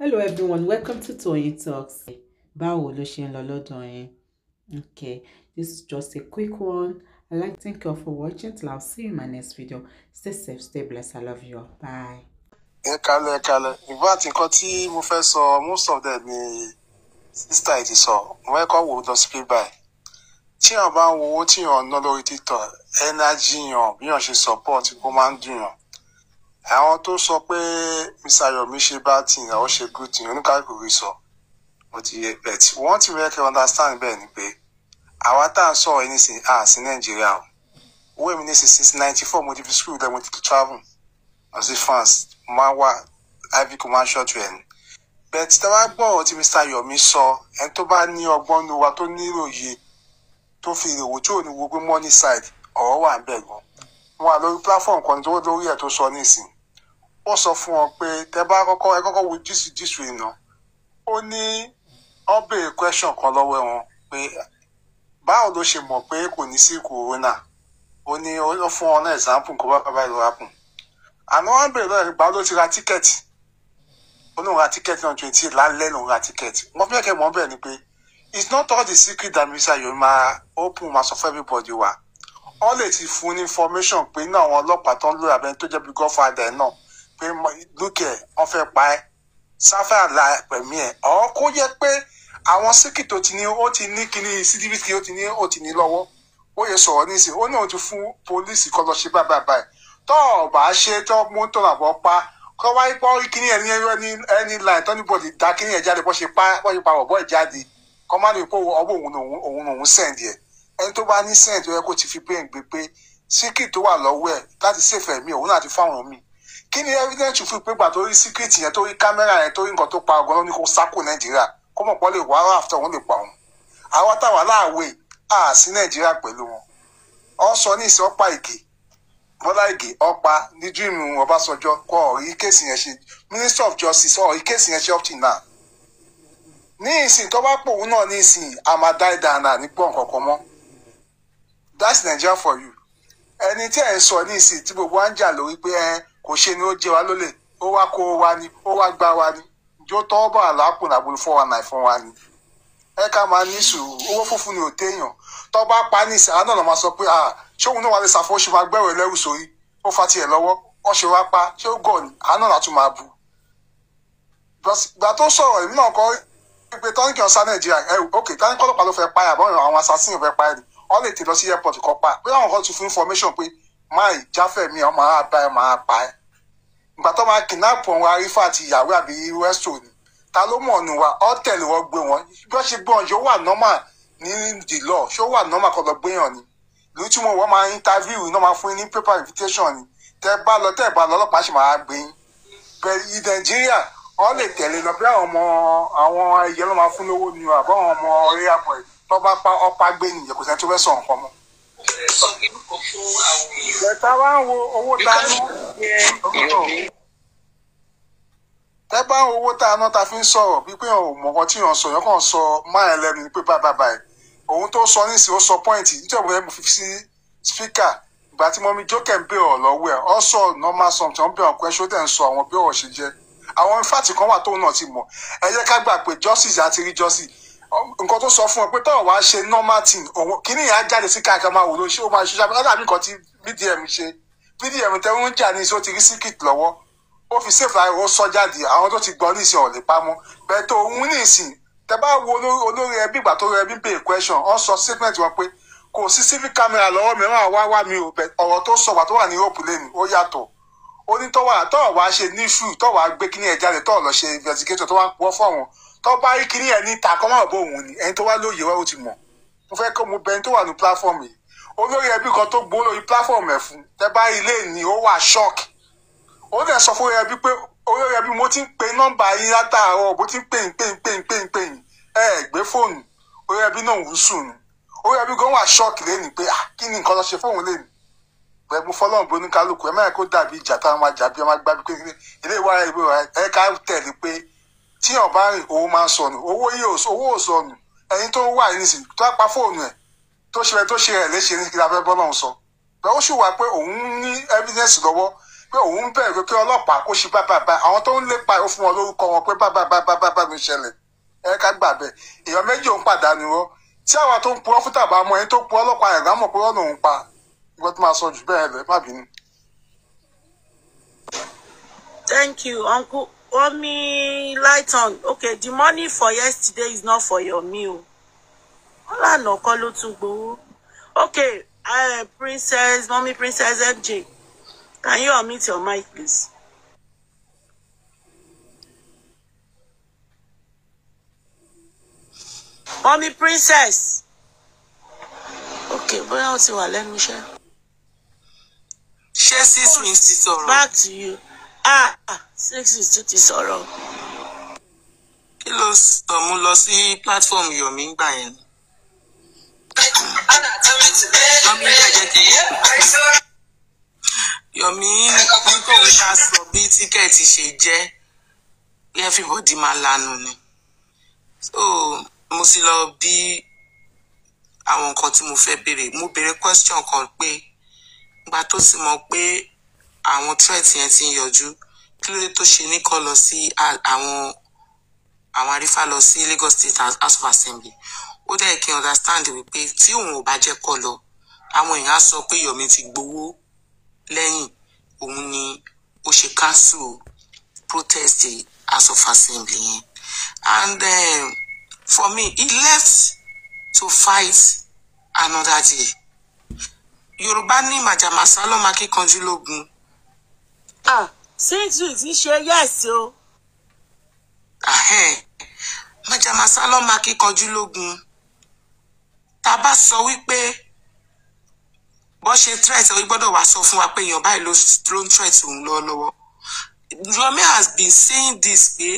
hello everyone welcome to Toyeen Talks báwo ló ṣe ń lọ lọ́dọ̀ yín okay this is just a quick one i like to thank you all for watching till i see you in my next video stay safe stay blessed i love you all bye. ẹ kalẹ̀ ẹ kalẹ̀ ìbọn àti nǹkan tí mo fẹ́ sọ most of them ni sísítà yìí ti sọ mo fẹ́ kọ́ wò ó lọ sí pé báyìí tí yàn bá ń wo owó tí yàn ń ná lórí TikTok ẹnájì yàn bí yàn ṣe support kó máa ń dùn yàn àwọn tó sọ pé Mr. Yomi ṣe bad thing àwọn ṣe good thing oníkàkùn rí sọ wọ́n ti yẹ bet wọ́n ti rẹ́ kẹ́ understand bẹ́ẹ̀ ni pé àwa tá à ń sọ̀rọ̀ yìí nísìnyí à sí Nàìjíríà o owó èmi nísìnyí since ninety four mo ti fi school dẹ́ mo ti travel lọ sí France máa wà ivy commercial train bẹ́ẹ̀ tí táwa gbọ́ ọ̀rọ̀ tí Mr. Yomi sọ ẹni tó bá ní ọgbọ́n ní wa tó ní ìròyìn tó fi ìrèwò tí ò ní wo pé money side ọ̀rọ̀ wà ń bẹ̀ gan wọn à platform kan tó lórí ẹ̀ tó sọ nísìnyí ó sọ fún wọn pé tẹ bá kọ́kọ́ ẹ kọ́kọ́ wo jísù jísù iná ó ní wọn béèrè question kan lọ́wọ́ wọn pé báwo ló ṣe mọ̀ pé kò ní sí corona ó ní ó fún wọn náà example kó bá bàbá ìlú rákùn àná wọn béèrè lọ́wọ́ ìgbà ló ti ra tíkẹ́ẹ̀tì ó ní òun ra tíkẹ́ẹ̀tì náà twenty lálẹ́ lòun ra tíkẹ́ẹ̀tì wọ́n fi ẹ̀kẹ́ mọ́ bẹ́ẹ̀ ni pé it's not all the secret that mr yorùbá open ma sọ fún everybody wa wọ́n lè ti fún information pé náà àwọn ọlọ́pàá tó ń lò abẹ́ni tó jẹ́ bí godfather náà pé lókè wọn fẹ́ pa ẹ́ sáfẹ́ àlà pẹ̀mí ẹ̀ ọ̀ kó yẹ pé àwọn síkì tó ti ní ó ti ní kíní sídìbìtì ó ti ní ó ti ní lọ́wọ́ ó yẹ sọ̀rọ̀ nísìn ó ní òun ti fún pólíìsì kọ́ lọ ṣe bá bàbá ẹ̀ tọ́ ọ̀ bá ṣe tọ́ mọ́tò làbọ̀ pa kọ́ wáyé pọ́ kíní ẹ̀ ní ẹni ẹni láì tọ́ níbọ̀dì dá kíní ẹ̀ jáde bọ́ ṣe pa bọ́ ṣe pa ọ̀bọ̀ ẹ̀ jáde kọ́ má lè pọ̀ ọwọ́ òun òun òun sẹ́ǹdì ẹ̀ ẹni tó bá ní sẹ́ǹdì ó yẹ kó ti fi brain gbé pé síkì tó wà lọ́wọ́ ẹ̀ láti ṣèfẹ̀mí òun àti fáwọn míì Kini evidence fún pé gbà torí secret yẹn torí kámẹ́rà yẹn torí nǹkan tó pa ọgọ́ ní kó sákò nàìjíríà kó mọ̀ lè pa òun àwa táwa láàwé à sí nàìjíríà pẹ̀lú wọn ọ sọ ní ìsìn ọ̀pá ìgè bọ́lá ìgè ọ̀pá ní dream ọbásanjọ́ yẹn minister of justice ọ̀rí kéèsì yẹn ṣe up till now ní ìsìn tó bá pòun náà ní ìsìn ní that's Nigeria for you ẹni tí sọ ní ìsìn gbogbo wa ń jà lórí pé kò ṣe ni ó jẹ wá lólè ó wá kó wa ni ó wá gbá wa ni jó tọ́ bọ̀ àlápò nàgbòlù fún wa náà fún wa ni ẹ ká máa ní sùúrù owó funfun ni ò téèyàn tọ́ bá pa ní ìsìn àánà máa sọ pé ṣóun náà wà lè ṣàfọwọ́ ṣe máa gbẹ̀rẹ̀ lẹ́rù sórí ó fa tiẹ̀ lọ́wọ́ ó ṣe wá pa ṣé ó gọ̀ ni àánà látún máa bu. gbà tó sọ̀rọ̀ èmi náà kọ́ pé tọ́ńkì ọ̀sán nàìjíríà ẹ òkè táńkì ló fẹ́ information pé máì jáfẹ́ mi ọ̀ máa bá pa ẹ̀ ìgbà tó máa kidnap wọn arífà àti ìyàwó àbí resto ni ta ló mọ̀ ọ̀nù wa hotel wọn gbé wọn bí wọ́n ṣe gbé wọn yóò wà normal ní the law ṣó wà normal kọ́ lọ gbé yàn ni ìlú tí mo wọ́n máa ń interview náà máa fún yín ní paper invitation ni tẹ bá lọ tẹ bá lọ ọlọ́pàá ṣì máa gbé yín bẹ̀rẹ̀ nàìjíríà wọ́n lè tẹ̀lé lọ bí àwọn ọmọ àwọn ẹ̀yẹ ló máa fún lówó ni àbọ̀ àwọn ọmọ ọ̀rẹ́ àpọ̀ ẹ̀ tó bá pa ọ́pá gbé nìyẹn kò sẹ́ni tó fẹ́ sọ nǹkan mọ́ bẹ̀tà wá ń tẹ bá ń owó tá a ná ta fi ń sọ̀rọ̀ wípé ò mọ̀kàn tí yàn sọ yàn kàn sọ máa lẹ́nu pé báyìí báyìí òun tó sọ nísìnyí ó sọ pọ́ìntì nítorí òun yẹn fi sí spíkà ìgbà tí mọ́mí jókè ń bèèrè lọ́wọ́ ẹ̀ ọ sọ normal something ọ̀n bèèrè ọ̀kọ́ ẹ̀ ń sọ àwọn bí ọ̀rọ̀ ṣe jẹ́ àwọn fáàtì kan wà tóun náà ti mọ̀ ẹ ká gbà pé justice àti rí justice nǹkan tó sọ fún ọ pé tọ́wọ̀ wá ṣe normal thing òun kíní yẹn á jáde sí káàkiri máa wò ló ṣé ó máa ṣiṣẹ́ abẹ́rẹ́ àbí nǹkan tí bdm ṣe bdm tẹ́wọ́n ń jà ní iṣẹ́ ó ti rí síkìtì lọ́wọ́ ó fi ṣèfà ó sọ jáde àwọn tó ti gbọ́ ní ìsìn ọ̀lẹ́ pamọ́ bẹ́ẹ̀ tó ń ní ìsìn tẹ bá wo olórí ẹbí ìgbà tó rẹ ẹbí pé question ọ sọ statement wọn pé kò sí civic camera lọ́wọ́ mi máa wá wá mi ò bẹ ọ̀rọ̀ tó sọ wà tó wà ní hope lane ó yàtọ̀ onítọ́wà tọ́wà wá ṣe níṣù tọ́wà gbé kíní ẹ̀ jáde tọ́wà lọ ṣe investigator tó wá ń pọ́ fọ́ọ̀wọ́n tó bá rí kiri ẹni ta kọ́ máa bọ̀ òun ni ẹni tó wá lóye wá ó ti mọ̀ mo fẹ́ kó mo bẹ ẹni tó wà ní platform yìí olórí ẹbí kan tó gbó lórí platform ẹ̀ fún tẹ́ bá ilé ni ó wà shock ó dẹ̀ sọ fún ẹbí pé olórí ẹbí mo ti ń pe nọ́mbà yín látàárọ̀ mo ti ń pè ń pè ń pè ń pè ń pè ń ẹ ẹ gbé fóònù olórí ẹbí náà wù sùn olórí ẹbí gan wà shock lẹ́nu pé ah, kí ni nǹkan lọ ṣe fóònù lẹ́nu bẹ́ẹ̀ mo fọlọ́run bonú kálukú ẹ má yẹ kó dàbí ìjà táwọn máa jà bí ẹ má gbá bí pé ilé ìwà ẹ ká tẹ̀lé pé tí ọba owó máa ń sọnù owó yìí owó ò sọnù tó wà nísìn tó apá fóònù ẹ tó ṣe tó ṣe ẹ léṣe ní kíkà fẹ bọlọrun sọ bẹ́ẹ̀ ó sì wá pé òun ní evidence lọ́wọ́ pé òun ń bẹ̀rù pé ọlọ́pàá kó ṣe bábàbà àwọn tó ń lépa ó fún wọn lórúkọ wọn pé bábàbàbàbà ló ṣẹlẹ̀ ẹ ká gbà bẹ èèyàn méjì òun pàdánù rọ tí àwọn tó ń purọ́ fún tàbá mọ ẹni tó purọ́ ọlọ́pàá ẹ̀ rámọ̀ pé ọ̀nà òun pa ìgbọ́n tó máa sọ jù bẹ́ẹ̀ lẹ́ má bínú. Thank you, Uncle omi light on okay the money for yesterday is not for your meal wọn lànà kọ ló tún gbowó okay uh, princess mommy princess MJ. can you unmute your mic please. mommy princess okay bóyá ó ti wà lẹ́nu iṣẹ́. ṣé sísun ti sọ̀rọ̀. back to you ah sexy tún ti sọ̀rọ̀. kí ló sọ mo lọ sí platform yomi gbà yẹn. yomi jẹjẹ kì í. yomi ní tóun ṣá sọ bí tíkẹ́ẹ̀tì ṣe jẹ́ everybody máa lanu ni so mo sì lọ bí àwọn nǹkan tí mo fẹ́ béèrè mo béèrè question kan pé ìgbà tó sì mọ̀ pé àwọn threat yẹn ti ń yọjú kí ló dé tó ṣe ní kó lọ sí àwọn àwọn arífà lọ sí Lagos State House of Assembly ó dẹ̀ kí n understand wípé tí òun ò bá jẹ́ kó lọ àwọn èèyàn á sọ pé Yomi ti gbowó lẹ́yìn òun ni ó ṣe cancel protest House of Assembly yẹn and then, um, for me he left to fight another day Yorùbá ní màjàmásá lọ́mọ akíkanjú lógun ah, ah six weeks ń ṣe yes o. májàmásá ló máa kíkanjú lógun tá a bá sọ wípé bó ṣe threat ó gbọ́dọ̀ wá sọ fún wa pé èèyàn báyìí ló ń threat òun lọ́wọ́lọ́wọ́ Yomi has been saying this pé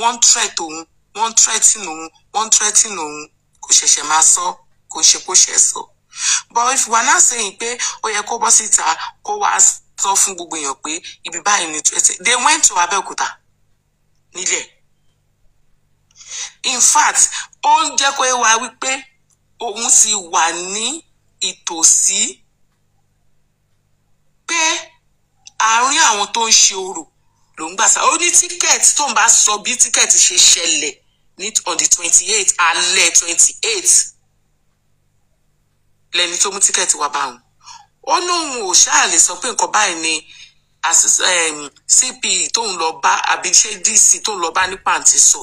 wọ́n threat òun wọ́n threat òun wọ́n threat òun kò ṣẹ̀ṣẹ̀ máa sọ kò ṣe kó ṣẹ̀ sọ but if we are now saying pé ó yẹ kó bọ́ síta kó wá sọ fún gbogbo èèyàn pé ibi báyìí ni they went to Abẹ́òkúta nílẹ̀ in fact ó ń jẹ́ kó wá wípé òun sì wà ní ìtòsí pé àárín àwọn tó ń ṣe orò ló ń gbà sá ó ní tíkẹ́ẹ̀tì tó ń bá sọ bí tíkẹ́ẹ̀tì ṣe ṣẹlẹ̀ ní on the twenty eight alẹ́ twenty eight lẹ́ni tó mú tíkẹ́ẹ̀tì wá bá ó lóun ò ṣáà lè sọ pé nǹkan báyìí ni cp tóun lọ bá àbí ṣé dc tóun lọ bá ní pàǹtí sọ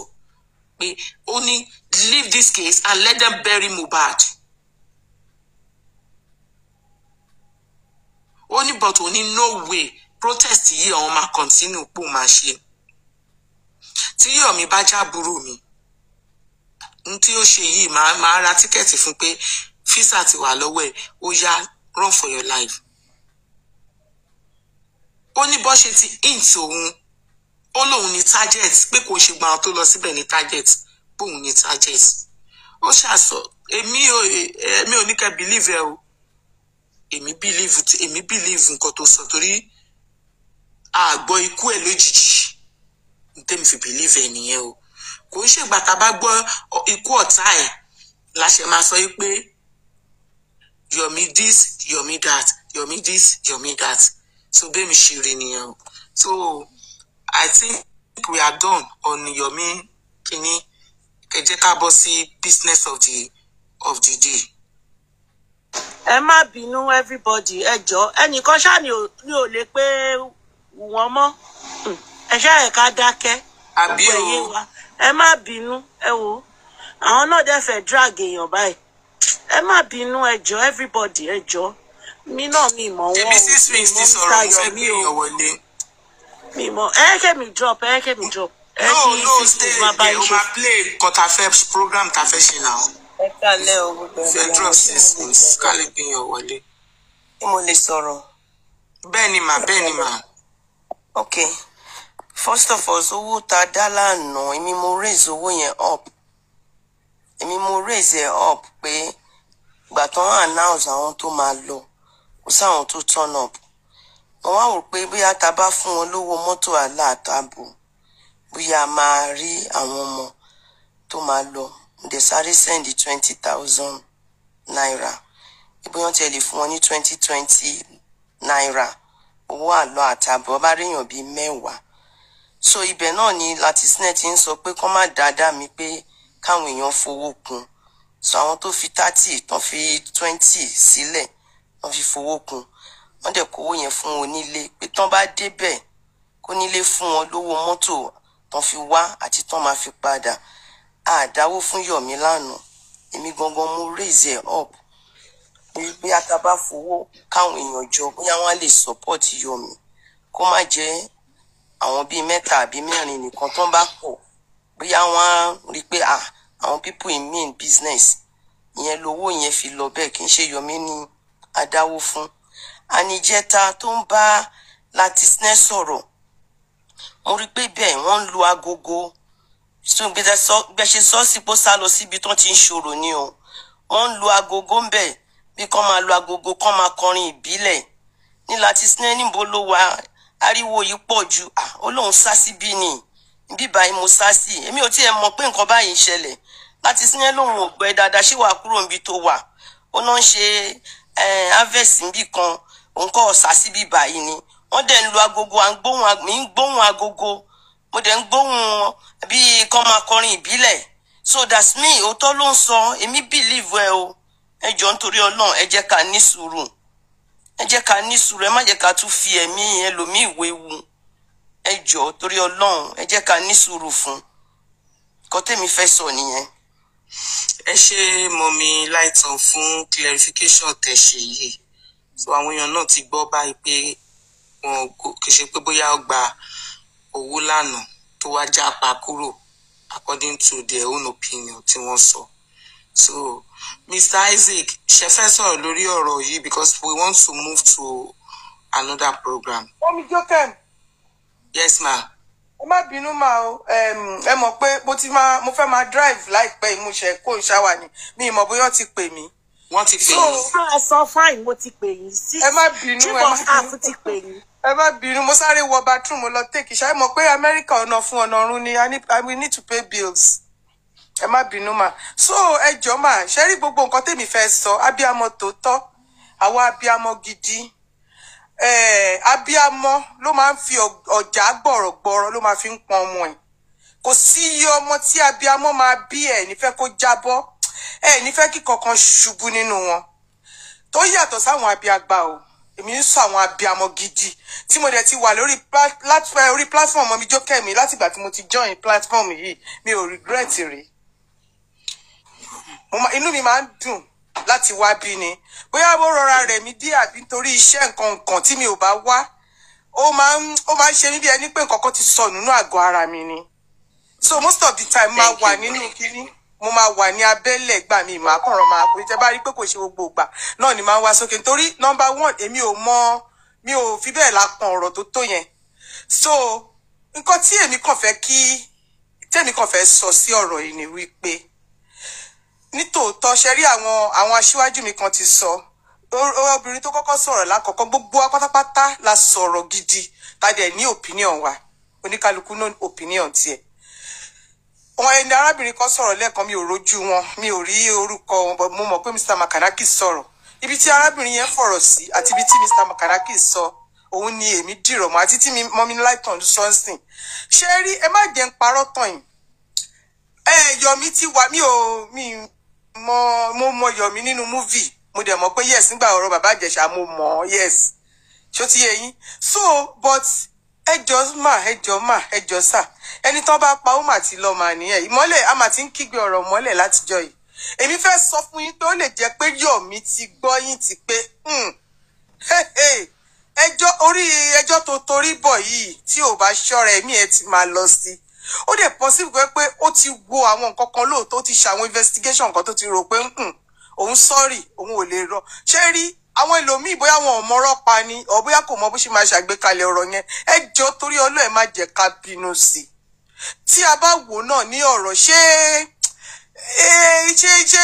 pé ó ní leave this case and let them bury Mohbad. ó ní but ó ní no way protest yìí àwọn máa continue pò máa ṣe tí Yomi bá jábúrò mi n tí ó ṣe yìí máa ra tíkẹ́ẹ̀tì fún pé físà ti wà lọ́wọ́ ẹ̀ ó yá run for your life. ó ní bó ṣe ti int òun ó lóun ní target pé kò ṣe gbọ́n tó lọ síbẹ̀ ní target bóun ní target ó ṣàṣọ èmi ò èmi ò ní kẹ́ believe ẹ o èmi believe èmi believe nǹkan tó sọ torí àgbọ̀ ikú ẹ̀ lójijì ntẹ́mi fi believe ẹ nìyẹn o kò ń ṣègbà tá a bá gbọ́ ikú ọ̀tá ẹ̀ la ṣe máa sọ yìí pé yomi this yomi that yomi this yomi that so bẹ́ẹ̀ mi ṣe rí so i think we are done on your yomi kini ẹ jẹ́ business of the of the day. ẹ má bínú everybody ẹ jọ ẹnìkan ṣáà ni ò lè pé wọn mọ ẹ ṣáà ẹ ká dákẹ́ àbí o ẹ má bínú ẹ wò àwọn náà dẹ fẹ́ drag èèyàn báyìí ẹ má bínú ẹjọ everybody ẹjọ mi náà mi mọ wọn o mi mọ mr yomi o mi mọ ẹ kẹ mi drop ẹ kẹ mi drop ẹ kí sísun máa no no stay there o ma play nǹkan ta program ta now. ẹ kálẹ̀ o gbogbo ẹ̀ fẹ́ drop sísun kálí gbìyànjú wọlé. ṣé mo lè sọ̀rọ̀. bẹ́ẹ̀ ni mà bẹ́ẹ̀ ni mà. ok first of all owó ta dá lánàá èmi mo raise owó yẹn up èmi mo raise ẹ up pé ìgbà tó ń announce àwọn tó máa lọ kò sáwọn tó turn up mo wá wò pé bóyá ta bá fún wọn lówó mọ́tò aláàtàbò bóyá a máa rí àwọn ọmọ tó máa lọ mo dẹ̀ sáré send twenty thousand naira ìbóyá tiẹ̀ lè fún wọn ní twenty twenty naira owó àlọ́ àtàbọ̀ bá réèyàn bíi mẹ́wàá so ibẹ̀ náà ni Latisnet ń sọ pé kọ́ má dáadáa mi pé. Pe káwọn èèyàn fowó kun so àwọn tó fi thirty tán fi twenty sílẹ̀ tán fi fowó kun wọ́n dẹ̀ kówó yẹn fún onílé pé tán bá débẹ̀ kó nílé fún wọn lówó mọ́tò tán fi wá àti tán máa fi padà àdáwó fún Yọ̀mí lánàá èmi gangan mo raise ẹ̀ up bí ataba fowó káwọn èèyàn jọ bóyá wọn á lè support Yọ̀mí kó má jẹ́ àwọn bíi mẹ́ta àbí mẹ́rin nìkan tán bá pọ̀ bóyá wọn á rí i pé ah àwọn people in mean business ìyẹn lowó yẹn fi lọ bẹ́ẹ̀ kì í ṣe Yomi ni adáwó fún anijẹta tó ń bá Latisne sọ̀rọ̀ mo rí i pé bẹ́ẹ̀ wọ́n ń lo agogo tún gbẹṣẹ sọọsì pọ sá lọ síbi tó ti ń ṣòro ni o wọ́n ń lo agogo ń bẹ bí kán máa lo agogo kán máa kọrin ìbílẹ̀ ní Latisne níbo ló wà ariwo yìí pọ̀ ju ó lóun sá síbí ni bíbá mo sá sí èmi ò tiẹ̀ mọ̀ pé nǹkan báyìí ń ṣẹlẹ̀ láti sílẹ̀ lòun ò gbẹ dáadáa ṣé wàá kúrò níbi tó wà ó náà ń ṣe harvest níbì kan òun kọ́ ọ̀sà síbí báyìí ni wọ́n dẹ̀ ń lu agogo à ń gbóhùn mi ń gbóhùn agogo mo dẹ̀ ń gbóhùn bíi kọ́ ìbílẹ̀ so that's me òótọ́ ló ń sọ èmi believe ẹ o ẹ jọ nítorí ọlọ́run ẹ jẹ́ ká ní sùúrù ẹ jẹ́ ká ní sùúrù ẹ má jẹ́ ká tún fi ẹ̀mí ẹlòmíì wéwu ẹ jọ torí ọlọ́run ẹ jẹ́ ká ní sùúrù fún kọ́tẹ́mi fẹ́ sọ nìyẹn ẹ ṣe mọ̀mí láìtàn fún clarification tẹ̀ ṣe yìí so àwọn èèyàn náà ti gbọ́ báyìí pé wọn kì í ṣe pé bóyá ó owó lánàá tó wá já pa kúrò according to their own opinion tí wọ́n sọ so Mr. Isaac ṣe fẹ́ sọ̀rọ̀ lórí ọ̀rọ̀ yìí because we want to move to another program. omi jókèm. yes ma ẹ má bínú máa o ẹ mọ̀ pé mo ti máa mo fẹ́ máa drive láìpẹ́ ìmúṣẹ kó n ṣáwà ni mi ìmọ̀ bóyá ti pè mí. wọ́n ti pè yín. so ah, ẹ sọ fáìn mo ti pè yín sí ẹ má bínú ẹ má bínú ti pè yín. ẹ má bínú mo sáré wọ bathroom lọ take ṣáà ẹ mọ̀ pé amẹ́ríkà ọ̀nà fún ọ̀nà ọ̀run ni we need to pay bills ẹ má bínú mà so ẹ jọ mà ṣe rí gbogbo nǹkan tèmi fẹ́ sọ abiyamọ tòótọ́ àwa abiyamọ gidi Eh, abiyamọ ló máa ń fi ọjà gbọ̀rọ̀gbọ̀rọ̀ ló máa fi ń pọn ọmọ ẹ̀ kò sí iye ọmọ tí abiyamọ máa bí ẹ̀ nífẹ́ kó jábọ́ ẹ̀ nífẹ́ kí kankan ṣubú nínú wọn tó yàtọ̀ sáwọn abiagba o èmi ń sọ àwọn abiyamọ gidi tí mo dẹ̀ ti wà lórí eh, orí platform ọmọ mi jókè mi látìgbà tí mo ti join platform yìí mi ò regret rí inú mi máa ń dùn láti wá bí ni bóyá mo rọra rẹ̀ mí díẹ̀ àbí nítorí iṣẹ́ nǹkan nǹkan tí mi ò bá wá ó máa ń ó máa ń ṣe mí bí ẹni pé nǹkan kan ti sọ nínú àgọ́ ara mi ni so most of the time máa wà nínú kíní mo máa wà ní abẹ́lẹ̀ gbà mí màá kọ̀ràn máa pè tẹ́ bá rí pé kò ṣe gbogbo ìgbà náà ni máa ń wá sókè nítorí number one èmi ò mọ mi ò fi bẹ́ẹ̀ lápọn ọ̀rọ̀ tó tó yẹn so nǹkan tí èmi kàn fẹ́ kí tẹ́mi kàn fẹ́ sọ sí ọ̀rọ̀ yìí ni wípé nítòótọ́ ṣe rí àwọn àwọn aṣíwájú mi kan ti sọ obìnrin tó kọ́kọ́ sọ̀rọ̀ lákọ̀ọ́kọ́ gbogbo wa pátápátá la sọ̀rọ̀ gidi ta dẹ̀ ní opinion wa oníkálukú ní opinion tiẹ̀ wọn ẹni arábìnrin kan sọ̀rọ̀ lẹ́ẹ̀kan mi ò rojú wọn mi ò rí orúkọ wọn mo mọ̀ pé Mr. Makanaki sọ̀rọ̀ ibi tí arábìnrin yẹn fọ̀rọ̀ sí àti ibi tí Mr. Makanaki sọ òun ni èmi dìrọ̀ mọ́ àti tí mọ́mí láìtàn sọ́nsìn ṣé rí ẹ má jẹ́ ń parọ́ tàn yìí ẹ yọ mi ti wà mí ò mi mọ mo mọ Yọ̀mí nínú mo dẹ̀ mọ̀ pé yes nígbà ọ̀rọ̀ bàbá Ìjẹ̀ṣà mo mọ̀ yes ṣó ti yé so but ẹjọ́ mà ẹjọ́ mà ẹjọ́ sà ẹni tán bá pa ó mà ti lọ mà nìyẹn ìmọ́lẹ̀ a mà ti ń kígbe ọ̀rọ̀ mọ́lẹ̀ látijọ́ yìí èmi fẹ́ sọ fún yín pé ó lè jẹ́ pé Yọ̀mí ti gbọ́ yín ti pé hmm, ẹjọ́ orí ẹjọ́ tó torí bọ̀ yìí tí ò bá ṣọ́ra ẹ̀mí ẹ̀ ti máa lọ sí ó dẹ̀ possible pé pé ó ti wo àwọn nǹkan kan lóòótọ́ ó ti ṣe àwọn investigation kan tó ti rò pé hmm, òun sorry òun ò lè rọ ṣé rí àwọn ẹlòmíì bóyá wọn ò mọ̀rọ̀ pa ni ọ bóyá kò mọ bó ṣe máa ṣàgbékalẹ̀ ọ̀rọ̀ yẹn ẹ jọ torí Ọlọ́run má jẹ́ ká bínú sí i tí a bá wò náà ní ọ̀rọ̀ ṣé eh, ṣé ṣé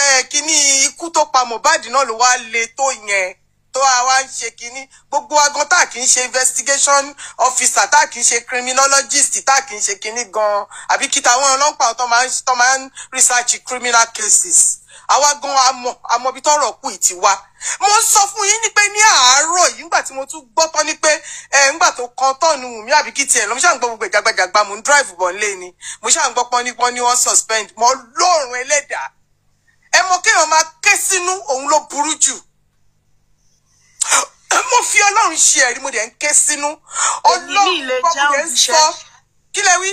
eh, kíní ikú tó pa Mohbad náà ló wá le tó yẹn tó a wá ń ṣe kínní gbogbo agan tá kì í ṣe investigation officer tá a kì í ṣe criminologist tá a kì í ṣe kínní gan àbí kí táwọn ọlọ́pàá tó máa ń tó máa ń research criminal cases àwa gan amọ̀ amọ̀bi tọ́rọ̀ kù ìtì wa mo ń sọ fún yín ni pé ní àárọ̀ yìí nígbà tí mo tún gbọ́ tán ni pé ẹ nígbà tó kan tọ́ọ̀nù mi àbí kí tiẹ̀ lọ mo ṣáà ń gbọ́ gbogbo ìjàgbàjàgbà mo ń drive bọ̀ nílé ni mo ṣáà ń gbọ́ pọ́nipọ́ni wọ́n suspend mo lóòrùn ẹlẹ́dàá ẹ mọ kéèyàn máa ké sínú òun ló burú jù mo fi ọlọ́run ṣe ẹ̀rí mo dẹ̀ ń ké sínú ọlọ́run bọ́ọ̀bù dẹ̀ ń sọ kí lẹ wí.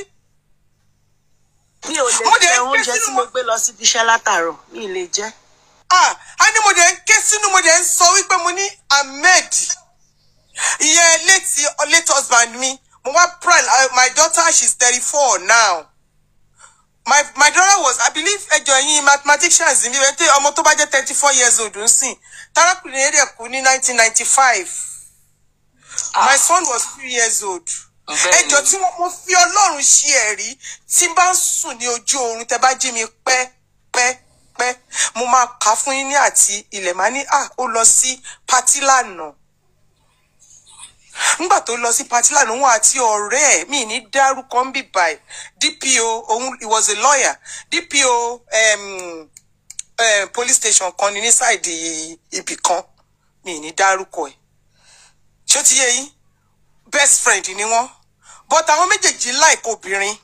mi ò lè jẹ oúnjẹ tí mo gbé lọ síbi iṣẹ́ látàárọ̀ mi ì lè jẹ. a ní mo dẹ̀ ń ké sínú mo dẹ̀ ń sọ wípé mo ní ahmed ìyẹn létí late husband mi mo wá pray uh, my daughter she's thirty four now my my daughter was i believe ẹjọ ẹyin mathematicians mi wẹ́n tẹ ọmọ tó bá jẹ́ thirty four years old ń sìn tarakùnrin yẹn dẹ̀ kú ní nineteen ninety five ah. my son was three years old ẹjọ tí mo fi Ọlọ́run ṣe ẹ̀rí tí n bá ń sùn ní ojú oorun tẹ bá jí mi pẹ́ pẹ́ pẹ́ mo máa kà fún yín ní àti ilẹ̀ máa ní à ah, ó lọ sí patí lánàá nígbà tó lọ sí patí lánàá àti ọ̀rẹ́ ẹ̀ mi ní dárúkọ ń bì báyìí DPO òun he was a lawyer DPO um, Eh, police station kan ni ní ṣáìdì ibì kan mi ní dárúkọ ẹ̀ ṣó ti yé yín best friend ni wọ́n but àwọn méjèèjì like obìnrin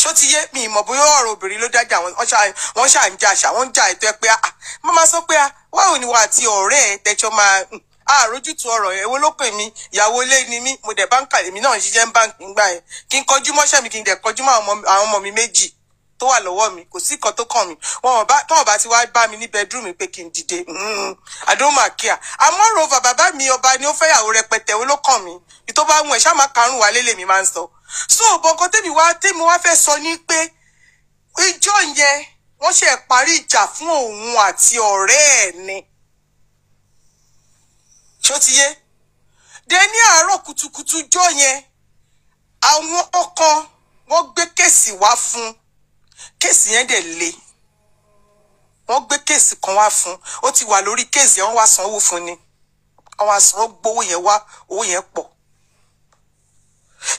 ṣó ti yé mi ìmọ̀ bóyá ọ̀rọ̀ obìnrin ló dájà wọ́n ṣà ń jà àṣà wọ́n ń jà ètò ẹ pé a ah, máma sọ pé a ah, wáwo ni wà á ti ọ̀rẹ́ ẹ tẹ́jọ́ máa àrójútu hmm, ọ̀rọ̀ èwo ló pè mí ìyàwó ilé ni mi. mo dẹ̀ báńkà èmi náà ń ṣiṣẹ́ ń báńkì ń gbà yẹn kí n mi kí n dẹ̀ kọjú mọ́ àwọn mi méjì tó wà lọ́wọ́ mi kò sí kan tó kàn mí wọn bá tọ́wọ́n bá ti wá bá mi ní bedroom mi pé kí n dìde àdóhùnmá kíá àmọ́ rova bàbá mi ọba ni ó fẹ́yàwó rẹpẹtẹ ó ló kàn mí ìtọ́ bá wọn ẹ̀ ṣáà má karùn wá lélẹ̀ mi máa ń sọ so bọ́kọ tèmi wá tèmi wá fẹ́ sọ ní pé ìjọ yẹn wọ́n ṣe parí ìjà fún òun àti ọ̀rẹ́ ẹ̀ ni ṣó ti yé dé ní àárọ̀ kùtùkùtù jọ yẹn àwọn ọkọ wọn gbé kèsì wá fún un kéèsì yẹn dẹ̀ le wọ́n gbé kéèsì kan wá fún ó ti wà lórí kéèsì yẹn wọ́n wá sanwó fún ni àwọn àsanwó gbówó yẹn wá owó yẹn pọ̀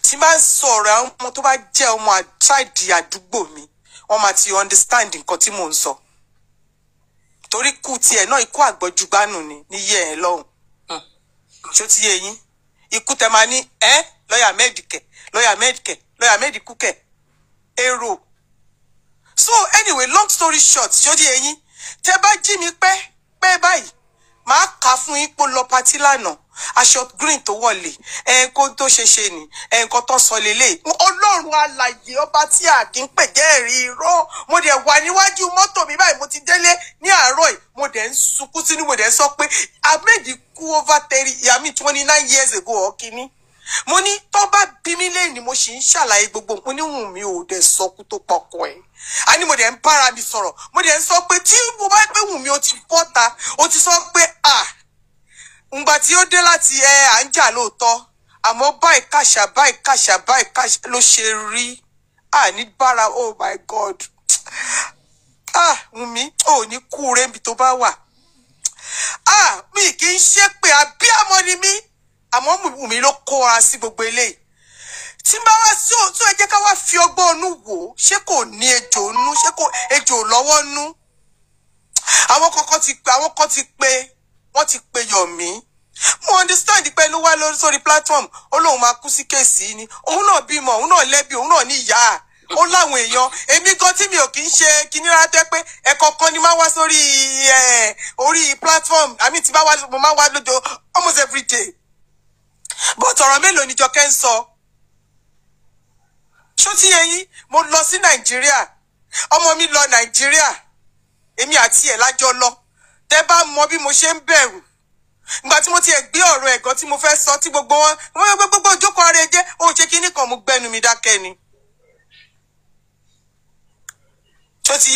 tí n bá ń sọ ọ̀rọ̀ àwọn ọmọ tó bá jẹ́ ọmọ àtàdì àdúgbò mi wọ́n máa ti understand nǹkan tí mò ń sọ torí kú tiẹ̀ náà ikú àgbọ̀jùgbánù ni níyẹ ẹ̀ lọ́hùn tí ó ti yé yín ikú tẹ máa ní ẹ́ lọ́ọ̀yà mẹ́ẹ̀dì kẹ̀ lọ́ọ̀yà mẹ́ẹ̀dì kẹ̀ lọ́ọ̀yà mẹ́ẹ̀dì kú kẹ̀ èrò so anyway long story short ṣódì ẹ̀yin tẹ́ bá jí mi pẹ́ pẹ́ báyìí màá kà fún yín pò lọ patí lánàá aṣọ green tó wọlé ẹnkan tó ṣe ṣe ni ẹnkan tó sọ lélẹ̀ ọlọ́run alàyè ọba tí a kì í pè jẹ́rìí irọ́ mo dẹ̀ wà níwájú mọ́tò mi báyìí mo ti délé ní àárọ̀ yìí mo dẹ̀ ń sunkún sínú mo dẹ̀ sọ pé ahmed kú over thirty yàmi twenty nine years ago ọ̀kíní. Okay, mo ní tó bá bí mi lẹ́yìn ni mo ṣì ń ṣàlàyé gbogbo nǹkan níwùn mi ò dẹ̀ sọ kú tó pọkọ ẹ̀ a ní mo dẹ̀ ń bára mi sọ̀rọ̀ mo dẹ̀ ń sọ pé tí mo bá pé wùn mi ó ti bọ́ta ó ti sọ pé à ǹgbà tí ó dé láti ẹ à ń jà lóòótọ́ àmọ́ báyìí kàṣà báyìí kàṣà báyìí kàṣà ló ṣe rí à ní bára oh my god ah wùnmí ò ní kú rẹ́mi tó bá wà ah mi kì í ṣépè àbí àmọ́ ni mí àmọ́ Wùmí ló kó wa sí gbogbo eléyìí tí n bá wá sí òótọ́ ẹ jẹ́ ká wá fi ọgbọ́n inú wò ṣé kò ní ejò nú ṣé kò ejò lọ́wọ́ nú àwọn kọ̀ọ̀kan ti pé àwọn kan ti pé wọ́n ti pé Yọ̀mí mo understand pé ló wá lórí platform ó máa kú sí kéèsì ni òun náà bímọ òun náà lẹ́bi òun náà ní ìyá ó láwọn èèyàn èmi gan tí mi ò kì í ṣe kíní rárá tẹ́ pé ẹ̀kọ́ kan ni máa wá sórí orí platform àmì tí mo wá lójó almost every day but ọ̀rọ̀ mélòó ni jọkẹ́ ń sọ ṣó ti mo lọ sí nàìjíríà ọmọ mi lọ nàìjíríà èmi àti ẹ̀ lájọ lọ tẹ́ bá mọ bí mo ṣe ń bẹ̀rù ìgbà tí mo tiẹ̀ gbé ọ̀rọ̀ ẹ̀gọ́ tí mo fẹ́ sọ tí gbogbo wọn wọ́n yọ gbogbo ìjókòó ara ẹ jẹ́ òun ṣe kínní kan mo gbẹnu mi dákẹ́ ni. tó ti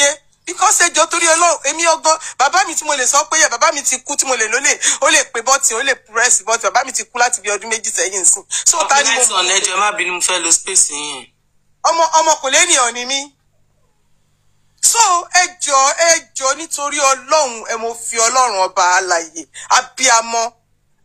because ẹjọ́ torí ọlọ́run èmi ọgbọ́n bàbá mi tí mo lè sọ pé yẹ bàbá mi ti kú tí mo lè lólè ó lè pe bọ́ọ̀tì ó lè press bọ́ọ̀tì bàbá mi ti kú láti bí ọdún méjì sẹ́yìn sí. so ta ni mo. ọkùnrin sọ̀nà ẹjọ́ má bínú fẹ́ lo space yẹn. ọmọ ọmọ kò lè nìyàn ni mí. so ẹjọ́ ẹjọ́ nítorí ọlọ́run ẹ mo fi ọlọ́run ọba alàyè abiyamọ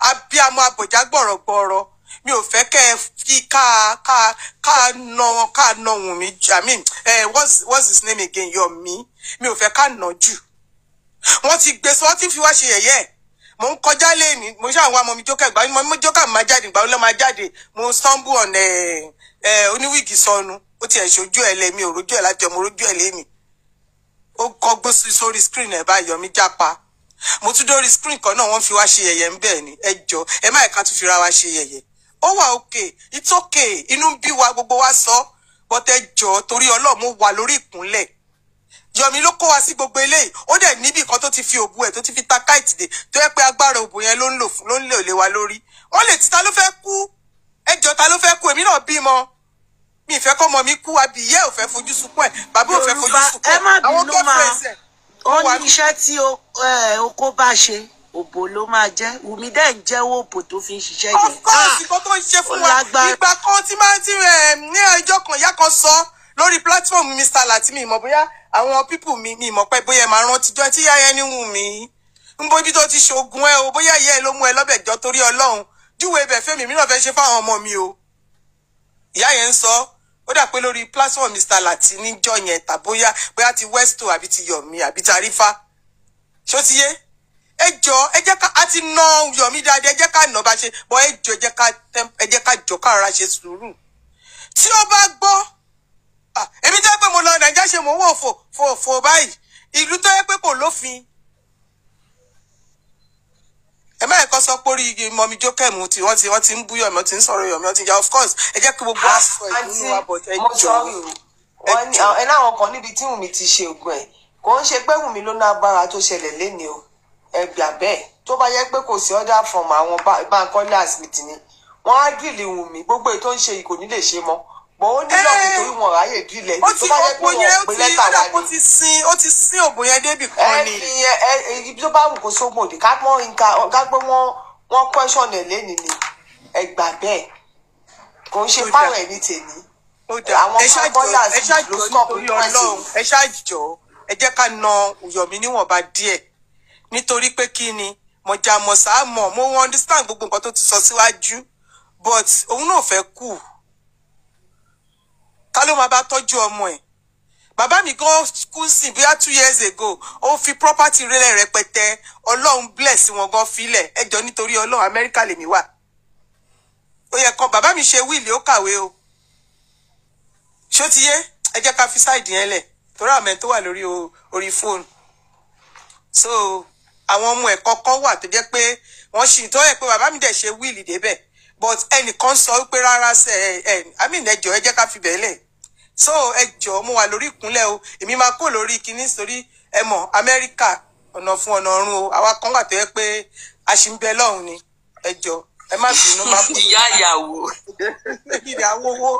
abiyamọ abòjá gbọ̀rọ̀gbọ̀rọ̀ mi ò fẹ́ kẹ́ ẹ fi ká ká ká nà ká nà wùn mí i mean eh, what's his name again Yomi mi ò fẹ́ ká nà jù wọ́n ti gbé sọ wọ́n fi wá ṣe yẹ̀yẹ́ mo ń kọjá léèní mo ṣáà wá mọ mi jókè gbà mo jókè máa jáde ìgbà ló máa jáde mo stumble on eh, eh, oníwìgì sọnù ó tiẹ̀ ṣojú ẹ̀ lẹ́mi ò rojú ẹ̀ láti ọmọ rojú ẹ̀ lẹ́mi ó kọ́gbọ́n sórí screen ẹ̀ bá yọ mí jápa mo tún dórí screen kan náà wọ́n fi wá ṣe yẹ̀yẹ́ ń bẹ̀ ni ẹ jọ ẹ má ẹ̀ka tún fi ra wá ṣe yẹ̀yẹ́ ó wà okay it's okay inú ń bí wa gbogbo wa sọ bọ́tẹ́ jọ torí mo wà lórí ìkúnlẹ̀ Yomi ló kó wa sí gbogbo eléyìí ó dẹ̀ níbi kan tó ti fi òbu ẹ̀ tó ti fi ta káìtì dé tó yẹ pé agbára òbò yẹn ló ń lò ló ń lò lé wa lórí wọ́n lè ti ta ló fẹ́ kú ẹjọ́ ta ló fẹ́ kú èmi náà bímọ mi ìfẹ́ kọ́ mi kú abiyẹ́ ò fẹ́ fojú sunkún ẹ̀ bàbá ò fẹ́ fojú sunkún ẹ̀ àwọn girlfriends ẹ̀ ó wà ní. ó ní iṣẹ́ tí oko bá ṣe òbò ló máa jẹ́ Wùmí dẹ̀ ń jẹ́wọ́ òbò tó fi ń ṣiṣẹ́ yẹn. of course ah, nǹkan tó ń ṣe fún wa ìgbà kan tí máa ń ti rẹ̀ ní ọjọ́ kan ìyá kan sọ lórí platform mr láti mi ìmọ̀ bóyá àwọn pípù mi mi ìmọ̀ pẹ́ bóyá ẹ máa rántijọ́ tí yáyẹ ní wù mí ń bójú tó ti ṣoògùn ẹ o bóyá ìyá ẹ ló mú ẹ lọ́bẹ̀jọ́ torí ọlọ́run júwe ibẹ̀ fẹ́mi mi náà fẹ́ ṣe fáwọn ọmọ mi o ìyá yẹn ń sọ ó dà pé lórí platform mr láti níjọ́ yẹn tàbóyá bóyá ti westo àbí ti yomi àbí ti arifa ṣó ti yé ẹ jọ ẹ jẹ́ ká a ti nà yomi dáadáa ẹ jẹ́ ká nà bá ṣe bọ́ ẹ jọ ẹ jẹ́ ká jọ ká ara ṣe sùúrù tí ó bá gbọ́ Ah, èmi tó pé mo lọ nàìjíríà ṣe mò ń fò fò báyìí ìlú tó yẹ pé kò lófin ẹ má kọ́ sọ pé orí mọ̀mí jókèmù tí wọ́n ti wọ́n ti ń bú yọ̀mí wọ́n ti ń sọ̀rọ̀ yọ̀mí wọ́n ti ń jà of course ẹ jẹ́ kí gbogbo àṣọ ìdùnnú wa ah, bọ̀ ẹ jọ ẹ láwọn kan níbi tí Wùmí ti ṣe ògùn ẹ kò ń ṣe pé Wùmí ló lágbára tó ṣẹlẹ̀ lénìí o ẹ gbà bẹ́ẹ̀ tó bá yẹ pé kò sí ọ̀dà fọ̀mù àwọn Bankole Smith ni wọ́n á gìlì Wùmí gbogbo ètò ń bọ̀ ó ní lọ́ọ̀kì eh, torí wọn ráyè dilẹ̀ ní tó bá yẹ pé wọn gbé lẹ́tà wá ni. ó ti sin ó ti sin ògùn yẹn débì kan eh, ni. Eh, ibi tó bá wù kó sógun òdì ká pọ́n nǹka ká pé wọ́n wọ́n question ẹ̀ lẹ́ni ni ẹ gbà bẹ́ẹ̀ kò ń ṣe fáwọn ẹni tèmi. àwọn bọ́yàs ló stop pressing. ẹ ṣáàjọ ẹ jẹ́ ká na Yomi níwọ̀nba díẹ̀ nítorí pé kí ni mọ̀jà mọ̀sá mọ̀ mo understand gbogbo nǹkan tó ti sọ síwájú but òun náà fẹ́ kù. Cool ta ló máa bá tọ́jú ọmọ ẹ̀ mi go school si bí a two years ago ó fi property rẹ̀ rẹpẹtẹ ọlọ́run bless wọn gan filẹ̀ ẹjọ́ nítorí ọlọ́run amẹ́ríkà lèmi wà ó yẹ kan bàbá mi ṣe wíìlì ó kàwé o ṣó ti yé ẹ jẹ́ ká fi ṣáìdì yẹn lẹ̀ torí àmẹ́ tó wà lórí orí fóònù so àwọn ọmọ ẹ̀ kọ́kọ́ wà tó jẹ́ pé wọ́n ṣì tó yẹ pé bàbá mi de dẹ̀ will wíìlì be. but kan sọ wípé rárá sẹ ẹ i mean ẹ jọ̀ọ́ ẹ ká fi bẹ́ẹ̀ lẹ̀ so ẹ jọ̀ọ́ mo wà lórí ìkúnlẹ̀ o èmi máa kó lórí kinní sórí ẹ mọ̀ amẹ́ríkà ọ̀nà fún ọ̀nà ọ̀run o àwa kan wà tó yẹ pé a ṣì nbe bẹ lọ́hùn ni ẹ jọ̀ọ́ ẹ má bínú má bínú. ìyá ìyàwó. ìyá àwòwò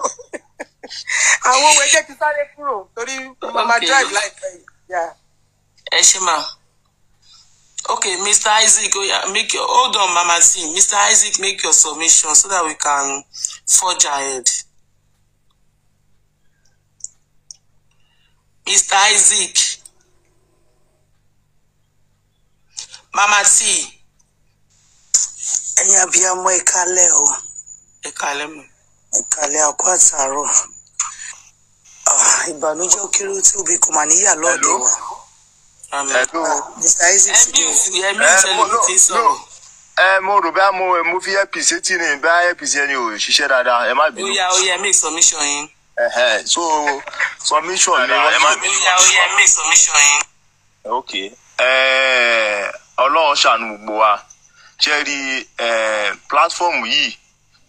àwòwò ẹ jẹ́ kí sáré kúrò torí mama drive láìpẹ́ yìí. ẹ ṣe máa. Okay, Mr. Isaac, oh, make your hold on, Mama Z. Mr. Isaac, make your submission so that we can forge ahead. Mr. Isaac, Mama T. Ẹ̀yin abiyamọ ẹ kálẹ́ o. Ẹ kalem? mọ. Ẹ kálẹ́ àkó àtàárọ̀. Ah, ìbànújẹ́ ó kéré tí obì kò Ah, Mr. Isaac ṣe é eh, eh, mo rò bá mo mo fi apc tí ni bá apc ẹni ò ṣiṣẹ́ dáadáa ẹ má bínú. ó yá ó yá make submission yín. so submission mi wọ́n yóò. ó yá ó yá make submission yín. ok ọlọ́run ṣàánú gbogbo wa ṣe rí platform yìí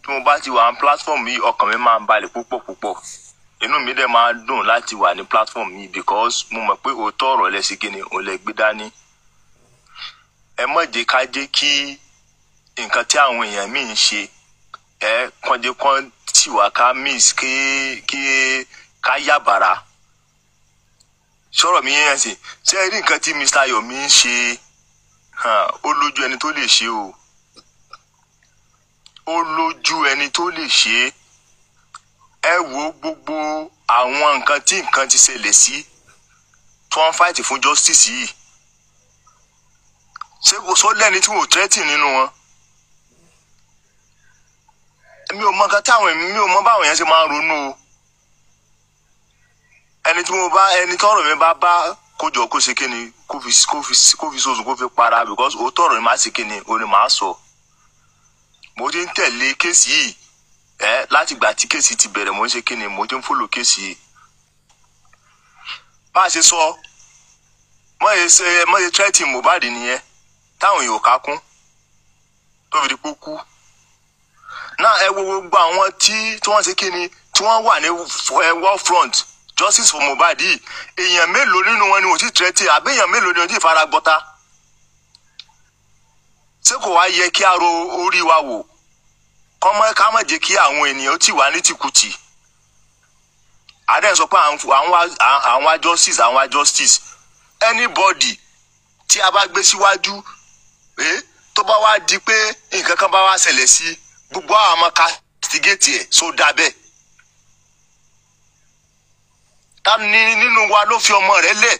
tí mo bá ti wà ní platform yìí ọkàn mi máa ń balẹ̀ púpọ̀ púpọ̀ inú mi dẹ̀ máa dùn láti wà ní platform yìí because mo mọ̀ pé òótọ́ ọ̀rọ̀ lẹ ṣe kíni òun lẹ gbé dání ẹ má jẹ́ ká jẹ́ kí nǹkan tí àwọn èèyàn míì ń ṣe ẹ kànjẹ́ kan tì wá ká miss kí kí ká yàbàrà sọ̀rọ̀ mi yẹn sìn ṣé ẹ rí nǹkan tí Mr. Yomi ń ṣe ó lójú ẹni tó lè ṣe o ó lójú ẹni tó lè ṣe é ẹ wo gbogbo àwọn nǹkan tí nǹkan ti ṣẹlẹ̀ sí tí wọ́n ń fáìtì fún justice yìí ṣé kò sọ lẹ́ni tí wọ́n tẹ́tì nínú wọn mi ò mọ nǹkan táwọn mi ò mọ báwọn yẹn ṣe máa ń ronú o ẹni tí mo bá ẹni tọ́rọ̀ mi bá bá kó jọ kó ṣe kíni kó fi kó fi kó fi sóòsù kó fi para because òótọ́ ọ̀rọ̀ mi máa ṣe kíni òun ni màá sọ mo ti ń tẹ̀lé kéèsì yìí ẹ láti gbà tí kéèsì ti bẹ̀rẹ̀ mo ṣe kí ni mo ti ń fòlò kéèsì yìí. bá a ṣe sọ mọ̀ye ṣe mọ̀ye tírẹ́tì Mohbad nìyẹn táwọn èèyàn ká kún tó fi di pé kú. náà ẹ wo gbogbo àwọn tí tí wọ́n ṣe kí ni tí wọ́n wà ní war front justice for Mohbad yìí èèyàn mélòó nínú wọn ni wọ́n ti tírẹ́tì àbí èèyàn mélòó ni wọ́n ti fara gbọ́ta. ṣé kò wá yẹ kí a ro orí wa wò? kọ́mọ́ ká má jẹ́ kí àwọn ènìyàn tì wá ní tìkùtì àdéhùn sọ pé àwọn justice àwọn justice anybody tí a bá gbé síwájú eh, tó bá wá di pé nǹkan kan bá wá ṣẹlẹ̀ sí gbogbo àwọn ọmọ castigate ẹ̀ so dá bẹ́ẹ̀ ta ni nínú wa ló fi ọmọ rẹ̀ lẹ̀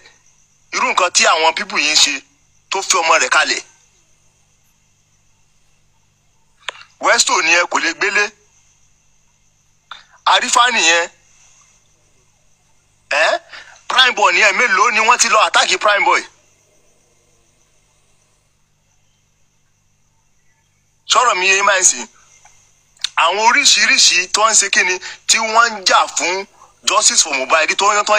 irú nǹkan tí àwọn pípù yìí ń ṣe tó fi ọmọ rẹ̀ kalẹ̀. westo ni ẹ kò lè gbélé arifa nìyẹn ẹ prime boy nìyẹn mélòó ni wọ́n ti lọ àtàkì prime boy sọ̀rọ̀ mi yé máa ń sìn àwọn oríṣiríṣi tó ń ṣe kíni tí wọ́n ń jà fún justice for mobile. tó ń jẹ́ tó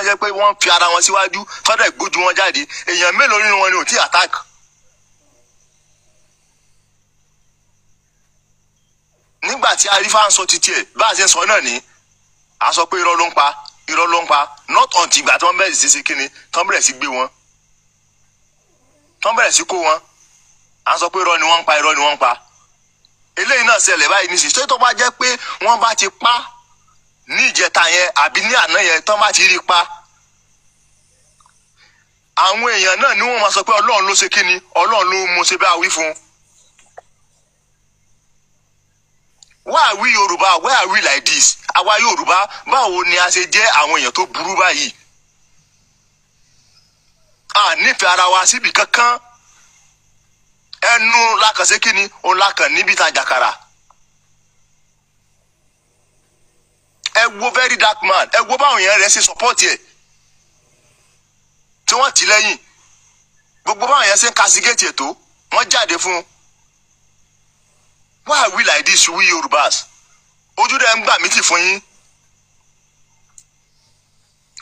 ń jẹ́ pé wọ́n fi ara wọn síwájú fẹ́rẹ̀ gbójú wọn jáde èèyàn mélòó nínú wọn ni ò tí attack. nígbà tí arífà ń sọ títí ẹ̀ bá a ṣe sọ náà ni a sọ pé irọ́ ló ń pa irọ́ ló ń pa not until ìgbà tí wọ́n bẹ̀rẹ̀ sí ṣe kíni tí wọ́n bẹ̀rẹ̀ sí gbé wọn tí wọ́n bẹ̀rẹ̀ sí kó wọn a sọ pé irọ́ ni wọ́n ń pa irọ́ ni wọ́n ń pa eléyìí náà ṣẹlẹ̀ báyìí ní sísè tó bá jẹ́ pé wọ́n bá ti pa ní ìjẹta yẹn àbí ní àná yẹn tán bá ti rí pa àwọn èèyàn náà ni wọ́n máa sọ pé ọlọ́run ló ṣe kíni ọlọ́run ló mú ṣe bá wí fún un why are we Yoruba? why are we like this àwa Yoruba? báwo ni a ṣe jẹ́ àwọn èèyàn tó burú báyìí a nífẹ̀ẹ́ ara wa síbi kankan ẹnu lákànṣe kíni òun lákàn níbi ta jàkàrà ẹ wo very dark man ẹ wo báwọn èèyàn rẹ ṣe support ẹ tí wọ́n ti lẹ́yìn gbogbo báwọn èèyàn ṣe ń kasigéètì ètò wọ́n jáde fún un why we like this we yorùbás ojú dẹ̀ ń gbà mí tì fún yín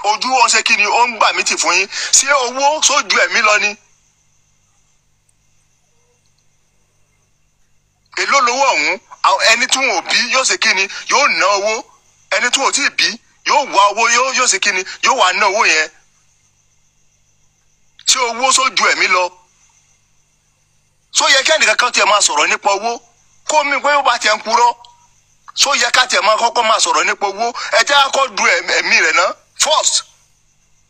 ojú ọ̀sẹ̀ kí ni ó ń gbà mí tì fún yín ṣé owó sójú ẹ̀mí lọ ni èló lówó ọ̀hún ẹni tí wọn ò bí yóò ṣe kí ni yóò ná owó ẹni tí wọn ò tí ì bí yóò wá owó yóò ṣe kí ni yóò wá ná owó yẹn ṣé owó sójú ẹ̀mí lọ só kí ẹnìkan kan tiẹ̀ máa sọ̀rọ̀ nípa owó kó mi pé ó bá tiẹ̀ ń purọ́ só yẹ ká tiẹ̀ máa kọ́kọ́ máa sọ̀rọ̀ nípa owó ẹ jẹ́ akọ́ du ẹ̀mí rẹ̀ ná first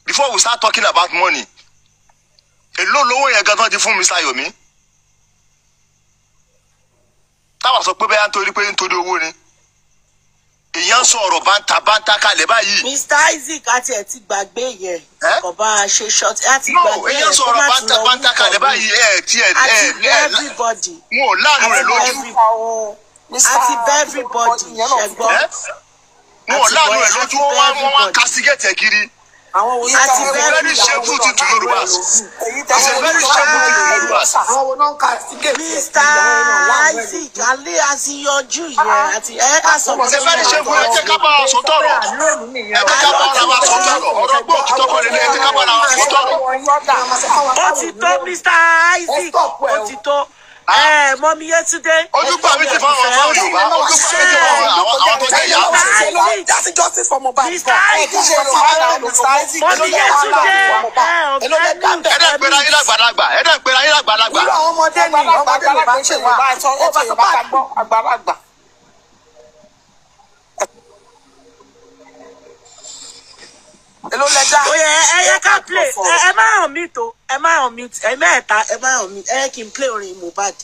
before we start talking about money èló lówó yẹn gan tán ti fún Mr. Yomi táwa sọ pé bẹ́ẹ̀ á ń torí pé ń torí owó ni èèyàn sọ ọ̀rọ̀ bántabántá kalẹ̀ báyìí. Mr Isaac àti ẹ̀ ti gbàgbé yẹn kò bá a ṣe short àti gbàgbé yẹn kó má tún lọ wúkọ kalẹ̀ báyìí ẹ̀ ti ẹ̀ ẹ̀ ẹ̀ everybody wọn ò láàánú rẹ̀ lójú. àti bẹ́ẹ̀ everybody ṣẹ̀gbọ́n. wọn ò láàánú rẹ̀ lójú wọn wá kásígẹ̀tẹ̀ kiri àti very shameful to the Yorubas it's a very shameful to the Yorubas. Mr. Isaac Ali Asiyanju yẹn àti ẹ àsọ̀rọ̀. Ṣé very shameful ẹ jẹ́ ká bá a sọ tọ̀rọ̀? Ẹ jẹ́ ká bá ara wa sọ tọ̀rọ̀. Ọ̀rọ̀ gbọ́ òtítọ́ kọ́ nílé ẹ jẹ́ ká bá ara wa sọ tọ̀rọ̀. Ó ti tó Mr. Isaac, ó ti tó ẹ ah. eh, mọ mi Yétúndé. ojúgbà mi ti fọ àwọn ọmọ Yorùbá ojúgbà mi ti fọ àwọn àwọn tó jẹ ìyàwó. that's justice for Mohbad. mọ mi Yétúndé ẹ ọ̀gbẹ́ni. ẹ̀dá gbéra yín lágbàlagbà ẹ̀dá gbéra yín lágbàlagbà. irú ọmọdé ni ọmọdé Yorùbá ń ṣe wá ó bá sọ bá àgbàlagbà. èló lẹ dá. ó yẹ ẹ yẹ ká play ẹ má hàn mí tó ẹ má hàn mí ẹ mẹ́ẹ̀ta ẹ má hàn mí ẹ kí n play orin Mohbad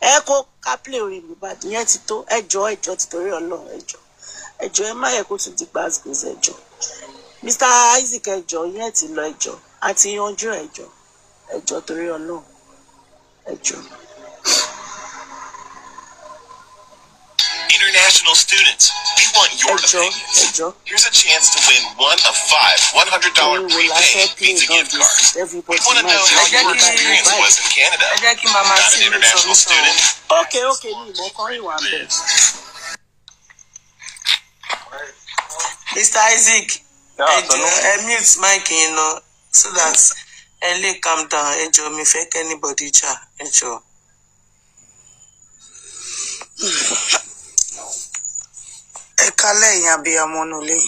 ẹ kó ká play orin Mohbad ìyẹn ti tó ẹ jọ ẹ jọ ti torí Ọlọ́run ẹ jọ ẹ jọ ẹ má yẹ kó tún di gbàgbèsè ẹ jọ Mr Isaac ẹ ìyẹn ti lọ ẹ àti yanjú ẹ jọ torí Ọlọ́run ẹ Students, we want your Pedro, opinions. Pedro. Here's a chance to win one of five $100 prepaid pizza gift cards. We want to know how your experience was in Canada. i Not an international student. Okay, okay, me, more for you one Mr. Isaac, yeah, I, I mute mic, you know, so that ẹ calm down ẹ jọ mi fẹ́ kẹ́nìbọ̀dì jà ẹ ẹ kalẹ́ ẹ̀yin abiyamọ nulẹ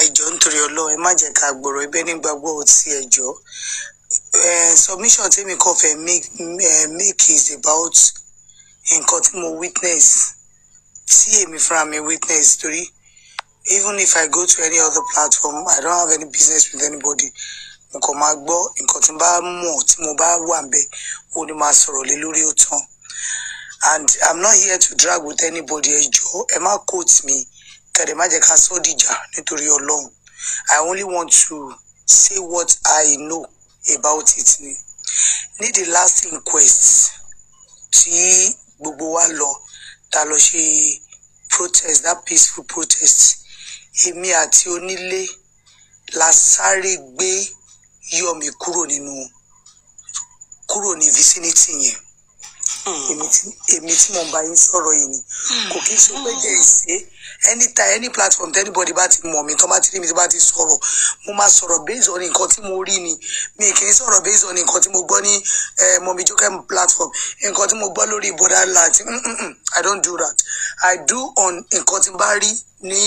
ẹ jọ̀ọ́ nítorí Ọlọ́run ẹ má jẹ́ ká gbọ̀rọ̀ ibẹ̀ nígbàgbọ́ ọtí ẹ jọ̀ọ́ submission tèmi kàn fẹ́ make make is about nǹkan tí mo witness tí èmi fúnra mi witness torí even if I go to any other platform I don't have any business with anybody mo kàn máa gbọ́ nǹkan tí mo bá mọ̀ tí mo bá wà ń ó ní máa sọ̀rọ̀ lé lórí ó tán and i'm not here to drag with anybody ẹ Emma quotes má quote me kẹ̀dẹ̀ má jẹ́ ká sọ dìjà nítorí ọlọ́run i only want to say what i know about it ni ní the last inquest tí gbogbo wa lọ ta lọ ṣe protest that peaceful protest èmi àti onílé la sáré gbé Yọ̀mí kúrò nínú kúrò ní vicinity yẹn Hmm. èmi tí mo ń bá yín sọ̀rọ̀ yìí ni hmm. kò kí n ṣe pé jẹ́ hmm. ìṣe anytime any platform anybody bá ti mọ̀ mi tó bá ti rí mi tó bá ti sọ̀rọ̀ mo máa sọ̀rọ̀ based on nǹkan tí mo rí ni mi kì í sọ̀rọ̀ based on nǹkan tí mo gbọ́ ní eh, mọ̀mí jókèm platform nǹkan tí mo gbọ́ lórí borderland mm, mm, mm, I don't do that I do on nǹkan tí n bá rí ní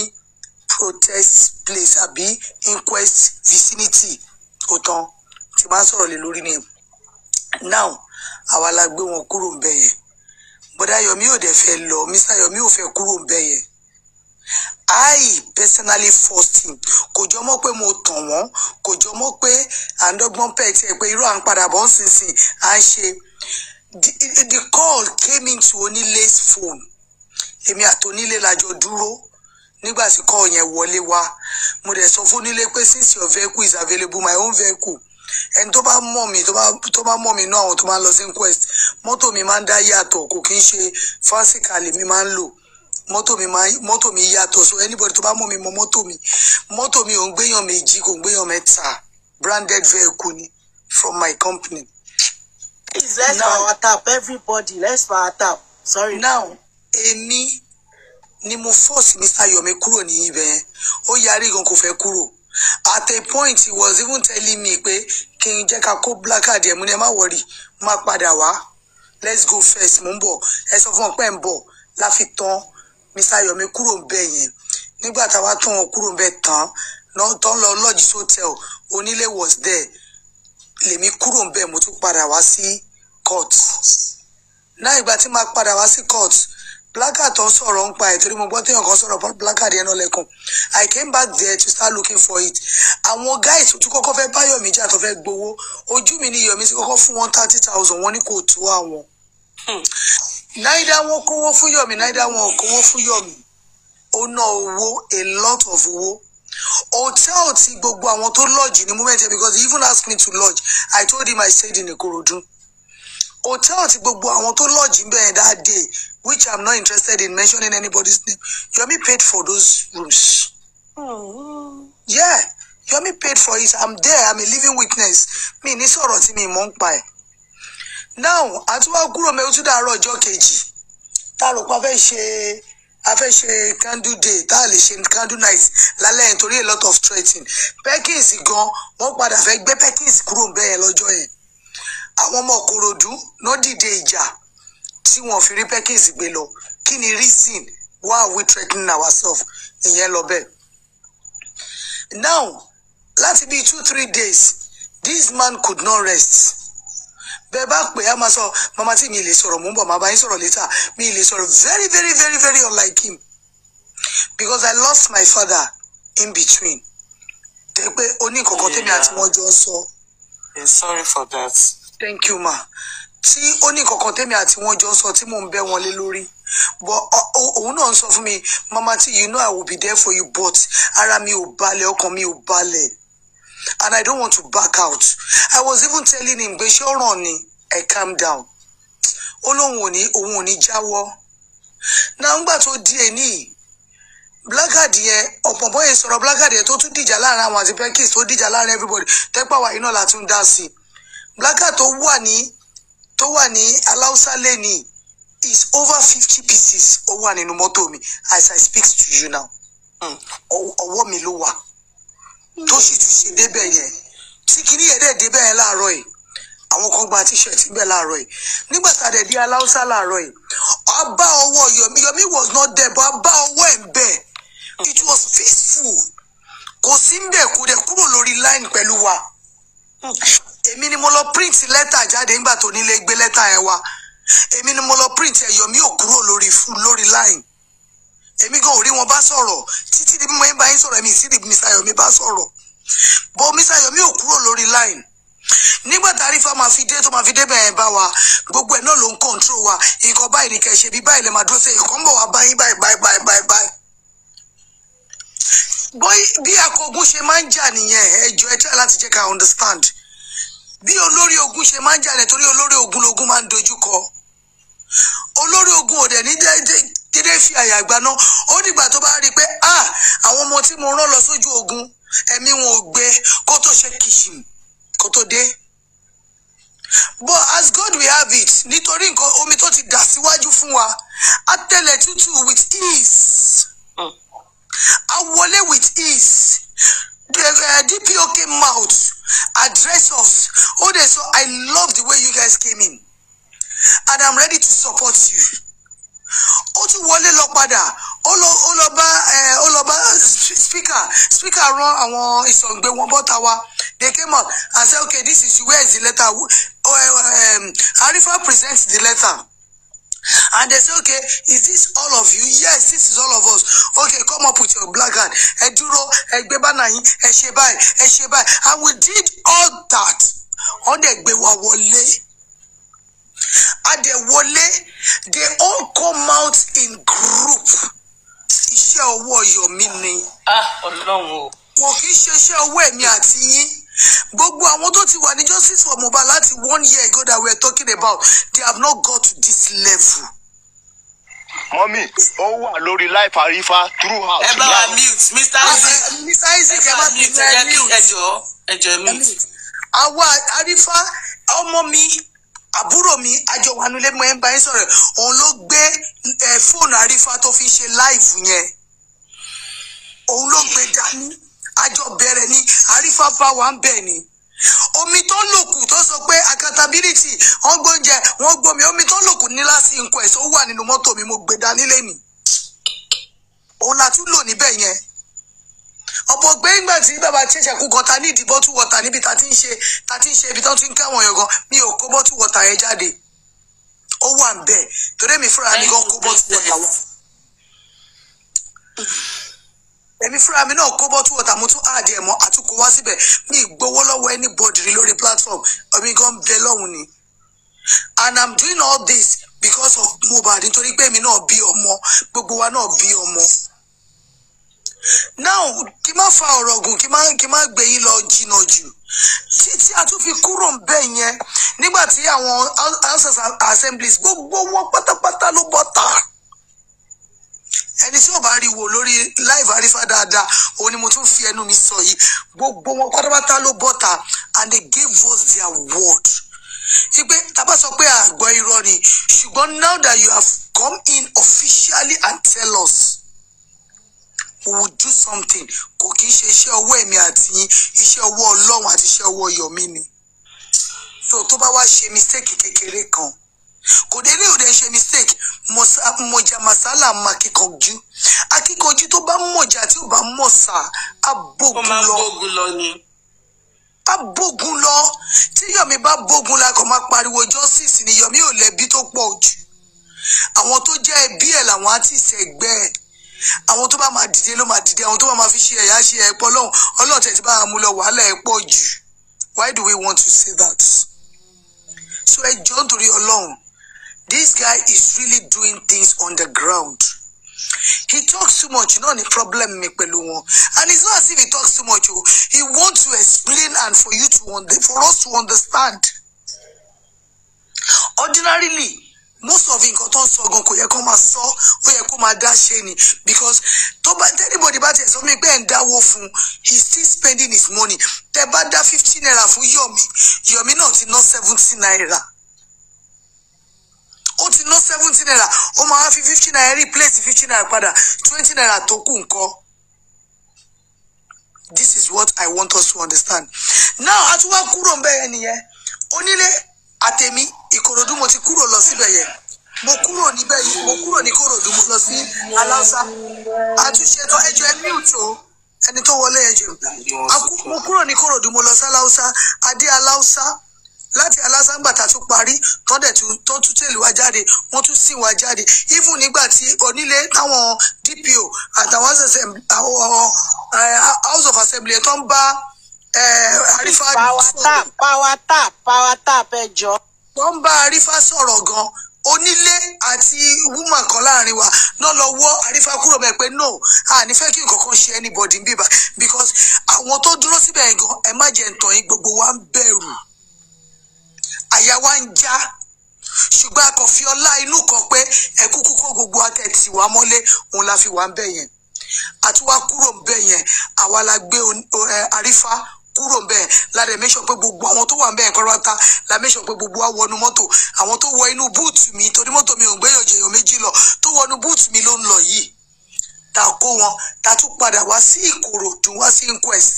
protest place àbí inquest vicinity ó tán tí máa ń sọ̀rọ̀ lé lórí ni now àwa la gbé wọn kúrò ń bẹ̀ yẹn bọ́dá Yomi ò dẹ̀ fẹ́ lọ Mr Yomi ò fẹ́ kúrò ń bẹ̀ yẹn I personally forced him kò jọ mọ́ pé mo tàn wọ́n kò jọ mọ́ pé à ń dọ́gbọ́n pẹ̀ tiẹ̀ pé irú à ń padà bọ́ sísìn à ń ṣe the the call came into Onílé's phone èmi àti Onílé la jọ dúró nígbà tí call yẹn wọlé wá mo dẹ̀ sọ fún Onílé pé since your vehicle is available my own vehicle ẹni tó bá mọ̀ mí tó bá mọ̀ mí inú àwọn tó máa ń lọ sí inquest mọ́tò mi máa ń dá yàtọ̀ kò kí ń ṣe fásitì lèmi máa ń lò mọ́tò mi yàtọ̀ so anybody tó bá mọ̀ mí mọ̀ mọ́tò mi mọ́tò mi ò ń gbéyàn méjì kò ń gbéyàn mẹ́ta branded vehicle ni from my company. please let's now, power tap everybody let's power tap sorry. now èmi ni mo force Mr. Yomi kúrò ní ibẹ̀ yẹn ó yarí gan kò fẹ́ kúrò at a point he was even telling me pé kí n jẹ́ ká kó blackguard ẹ̀ mú ni ẹ má wọ̀rì má padà wá let's go first mò ń bọ̀ ẹ sọ fún ọ pé ń bọ̀ la fi tán Mr. Yomi kúrò ń bẹ̀ yẹn nígbà táwa tán wọn kúrò ń bẹ̀ tán tán lọ lodges hotel onílé was there lèmi kúrò ń bẹ̀ mo tún padà wá sí court náà ìgbà tí màá padà wá sí court placard tó ń sọ̀rọ̀ ń pa ẹ̀ torí mo gbọ́ téèyàn kan sọ̀rọ̀ placard yẹn náà lẹ́kùn I came back there to start looking for it àwọn guys tó tún kọ́kọ́ fẹ́ bá Yomi jà tó fẹ́ gbowó ojú mi ni Yomi ti kọ́kọ́ fún wọn thirty thousand wọn ní kò tó àwọn hmm. náírà wọn kówó fún Yomi náírà wọn kówó fún Yomi ó ná owó a lot of owó hotel ti gbogbo àwọn tó lodge ní moment because he even asked me to lodge I told him I stayed in Ikorodu hotel ti gbogbo àwọn tó lọ́ọ̀jì bẹ́ẹ̀ that day which i'm not interested in mentioning anybody's name Yomi paid for those rooms. Oh. yeah Yomi paid for it i'm there i'm a living witness mi ní sọ̀rọ̀ tí mi mọ̀ ń pa ẹ̀. now àtúwá kúrò mẹ́rin tún dàárọ̀ ọjọ́ kejì tá a rò pa fẹ́ ṣe a fẹ́ ṣe candle day tá a lè ṣe candle night lálẹ́ yẹn torí a lot of threatening Perkins gan wọ́n padà fẹ́ gbé Perkins kúrò bẹ́ẹ̀ lọ́jọ́ yẹn àwọn ọmọ Ìkòròdú náà dìde ìjà tí wọ́n fi rí Perkins gbé lọ kí ni reason why we threatening ourselves ìyẹn lọ bẹ́ẹ̀. now láti bíi two three days this man could not rest bẹ́ẹ̀ bá pè á máa sọ mama tí mi lè sọ̀rọ̀ mò ń bọ̀ màmá yín sọ̀rọ̀ later mi lè sọ̀rọ̀ very very very very unlike him because I lost my father in between. tẹ pé ó ní kankan sọ. I'm sorry for that thank you ma tí ó ní kankan tèmi àti wọn jọ ń sọ tí mò ń bẹ wọn lé lórí but òun náà ń sọ fún mi mama tí you know i will be there for you but ara mi ò balẹ̀ ọkàn mi ò balẹ̀ and i don't want to back out i was even telling him pé ṣé ọ̀ràn ni ẹ calm down ó lóun ò ní òun ò ní jáwọ́ náà ńgbà tó di èní blackguard yẹn ọ̀pọ̀pọ̀ yẹn sọ̀rọ̀ blackguard yẹn tó tún dìjà láàrin àwọn àti penkins tó dìjà láàrin everybody tẹ́pà wàyí náà la tún dá sí i blaga tó wà ní tó wà ní aláùsá lẹ́nìí is over fifty pieces ó wà nínú mọ́tò mi as i speak to you now hmm. ọwọ́ mi ló wà tó sì ti ṣe débẹ̀ yẹn tí kinní yẹn dẹ̀ débẹ̀ yẹn láàárọ̀ yìí àwọn kan gba t-shirt bẹ́ẹ̀ láàárọ̀ yìí nígbà tá a dẹ̀ di aláùsá láàárọ̀ yìí ọba ọwọ́ yomi yomi was not there but ọba ọwọ́ ẹ̀ ń bẹ̀ it was peaceful kò sí ń bẹ̀ kó kúrò lórí line pẹ̀lú wa èmi ni mo lọ print lẹ́tà jáde nígbà tó nílé gbé lẹ́tà ẹ wá èmi ni mo lọ print ẹ̀yọ̀ mi ò kúrò lórí fún lórí line èmi gan ò rí wọn bá sọ̀rọ̀ títí di mímọ́ ẹ̀ bá yín sọ̀rọ̀ èmi ìsídì mr yomi bá sọ̀rọ̀ bó mr yomi ò kúrò lórí line nígbà tá a rí fa máa fi dé tó máa fi dé bẹ́ẹ̀ bá wa gbogbo ẹ̀ náà ló ń kọ́ńtró wa nǹkan báyìí ni kẹ̀ ṣe bí báyìí lè máa dúró sí nǹkan bọ̀ wá báyìí báyìí báyìí báyìí báyìí báyìí. bí akogun ṣe máa ń jà nìyẹn ẹ ẹ try láti jẹ́ ká understand bí olórí ogun ṣe máa ń jalè torí olórí ogun lógun máa ń dojúkọ olórí ogun ò dẹ̀ ní dédé fi àyà gbaná ó dìgbà tó bá rí i pé ah àwọn ọmọ tí mo rán lọ sójú ogun ẹ̀mí wọn ò gbé kó tó ṣe kìsìm kó tó dé but as God will have it nítorí nǹkan omi tó ti dà síwájú fún wa á tẹ̀lẹ̀ tútù with ease mm. A wọlé with ease the uh, DPO came out, addressed us. Ó so I love the way you guys came in and I'm ready to support you. Ó tún wọlé lọ padà, ó lọ ó lọ bá ẹ eh, ó lọ bá speaker speaker rán àwọn ìsọ̀ǹgbé wọn bọ́ta wa. They came out and said, okay, this is where is the letter? Uh, um, Arifa presents the letter. And they say, okay, is this all of you? Yes, this is all of us. Okay, come up with your black hand. Ẹ dúró, ẹ gbé bánà yín, ẹ ṣe And we did all that. Wọ́n dẹ̀ gbé wa wọlé. Adẹ̀wọlé, they all come out in group. Iṣẹ́ ọwọ́ Yomi ni. Ah, Ọlọ́run o. Kò kí ṣe iṣẹ́ ọwọ́ èmi àti yín gbogbo àwọn tó ti wà ní justice for Mohbad láti one year ago that we are talking about they have not got to this level. mọ́mí ó wà lórí life àrífà throughout. ẹ bá wa mute Mr. Ah, Isaac eh, Mr. Isaac ẹ bá mi ẹ mute ẹjọ ẹjọ mute. àwa àrífà ọmọ mi àbúrò mi àjọwánulẹ mọ ẹ ń bá yín sọ̀rọ̀ òun ló gbé eh, fóònù àrífà tó fi ṣe láìfù yẹn òun ló gbé dání àjọ bẹ̀rẹ̀ ni àrífà bá wa ń bẹ̀ ni omi tó lòkù tó sọ pé accountability wọn gbóúnjẹ wọn gbómi omi tó lòkù ní láti nǹkan ẹ̀sọ́ wà nínú mọ́tò mi mo gbé dání lẹ́nu òun la tún lò níbẹ̀ yẹn ọ̀pọ̀ gbé ńgbà tí bàbá ṣẹ̀ṣẹ̀ kú kan ta ní ìdí bọ́tù wọ̀tà níbi ta ti ń ṣe ta ti ń ṣe ibi tó ti ń káwọn yọ̀gàn mi ò kó bọ́tù wọ̀tà yẹn jáde ó wà ń bẹ̀ torí mi fúnra mi gan kó bọ́tù wọ̀tà wà èmi fúnra mi náà kó bọ́tú wọ̀tà mo tún àdì ẹ̀mọ́ àtúkò wá síbẹ̀ mi gbowó lọ́wọ́ anybody rí lórí platform ọmọ igan bẹ lọ́hùn ni and i'm doing all this because of Mohbad nítorí pé èmi náà bí ọmọ gbogbo wa náà bí ọmọ now kí má fa ọ̀rọ̀ gùn kí má kí má gbé yín lọ jìnnà jù títí a tún fi kúrò ń bẹ̀ yẹn nígbà tí àwọn houses assemblies gbogbo wọn pátápátá ló bọ́ta ẹni tí wọn bá rí wo lórí live àrífà dáadáa òun ni mo tún fi ẹnu mi sọ yìí gbogbo wọn pátápátá ló bọ́ta and they gave us their word ti pé tábà sọ pé àgbọ̀ irọ́ ni ṣùgbọ́n now that you have come in officially and tell us we will do something kò kí ń ṣe iṣẹ́ ọwọ́ èmi àti yín iṣẹ́ ọwọ́ ọlọ́run àti iṣẹ́ ọwọ́ yọ̀mí ni so tó bá wá ṣe mistake kékeré kan kò dé ní òde ṣe mistake mọ̀jà masala máa kíkanjú akíkanjú tó bá mọ̀jà tí ò bá mọ̀ sá abógun lọ abógun lọ tí Yomi bá bógun la kò máa pariwo justice ni Yomi ò lẹ́bi tó pọ̀ jù àwọn tó jẹ́ ẹbí ẹ̀ làwọn àtìsẹ̀ ẹgbẹ́ ẹ̀ àwọn tó bá máa dìde ló máa dìde àwọn tó bá máa fi ṣe ẹ̀yà ṣe ẹ̀pọ̀ lọ́hùn ọlọ́ọ̀tẹ̀ tí bá mú lọ wàhálà ẹ̀ pọ̀ jù why do we want to say that so ẹ jọ̀ọ́ nítorí ọlọ́run this guy is really doing things on the ground. He talks too much, you know, the problem me pẹ̀lú And it's not as if he talks too much. He wants to explain and for you to for us to understand. Ordinarily, most of nǹkan tó ń sọ gan kò yẹ kó máa sọ ó yẹ kó máa dá ni because tó bá tẹ́nibọ̀dì bá tẹ̀ sọ mí pé ẹ̀ ń dáwó he still spending his money tẹ bá dá fifteen naira fún Yomi Yomi náà ti ná seventy naira ó ti ná seventy naira ó máa fi fifty naira replace fifty naira padà twenty naira tó kù ńkọ́ this is what i want us to understand now a tún wá kúrò ńbẹ̀ yẹn nìyẹn onílé àtẹ̀mí ìkòròdú mo ti kúrò lọ síbẹ̀ yẹn mo kúrò níbẹ̀ yìí mo kúrò ní kòròdú mo lọ sí aláùsá àtúnṣe tó ẹjọ́ ẹ mute o ẹni tó wọlé ẹjọ́ mo kúrò ní kòròdú mo lọ sí aláùsá adé aláùsá láti alásàǹgbà tá a tún parí tọ́dẹ̀ tó tún tẹ̀lé wa jáde wọ́n tún sìn wa jáde even nígbà tí onílé táwọn DPO àtàwọn eh, House of Assembly tó ń bá àrífà eh, sọ̀rọ̀ power tap power tap ẹ jọ. tó ń bá àrífà sọ̀rọ̀ gan-an onílé àti wúmà kan láàrin wa náà lọ wọ àrífà kúrò mẹ pé no a ní fẹ́ kí nǹkan kan ṣe anybody bíbá because àwọn tó dúró síbẹ̀ yẹn gan ẹ má jẹ́ ntọ́ gbogbo wa ń bẹ̀rù àyà wa ń já ṣùgbọ́n a kò fi ọlá inú kan pé ẹkú kúkọ́ gbogbo atẹ̀tì wa mọ́lé òun la fi wà ń bẹ̀ yẹn àti wá kúrò ń bẹ̀ yẹn àwa la gbé àrífà kúrò ń bẹ̀ ládẹ̀ mẹ́sàn pé gbogbo àwọn tó wà ń bẹ̀ yẹn kọ́rọ́ta la mẹ́sàn pé gbogbo wa wọnú mọ́tò àwọn tó wọ inú búùtù mi torí mọ́tò mi ò gbéyàn jèèyàn méjì lọ tó wọnú búùtù mi ló ń lọ yìí ta kó wọn ta tún padà wá sí Ìkòròdú wá sí inquest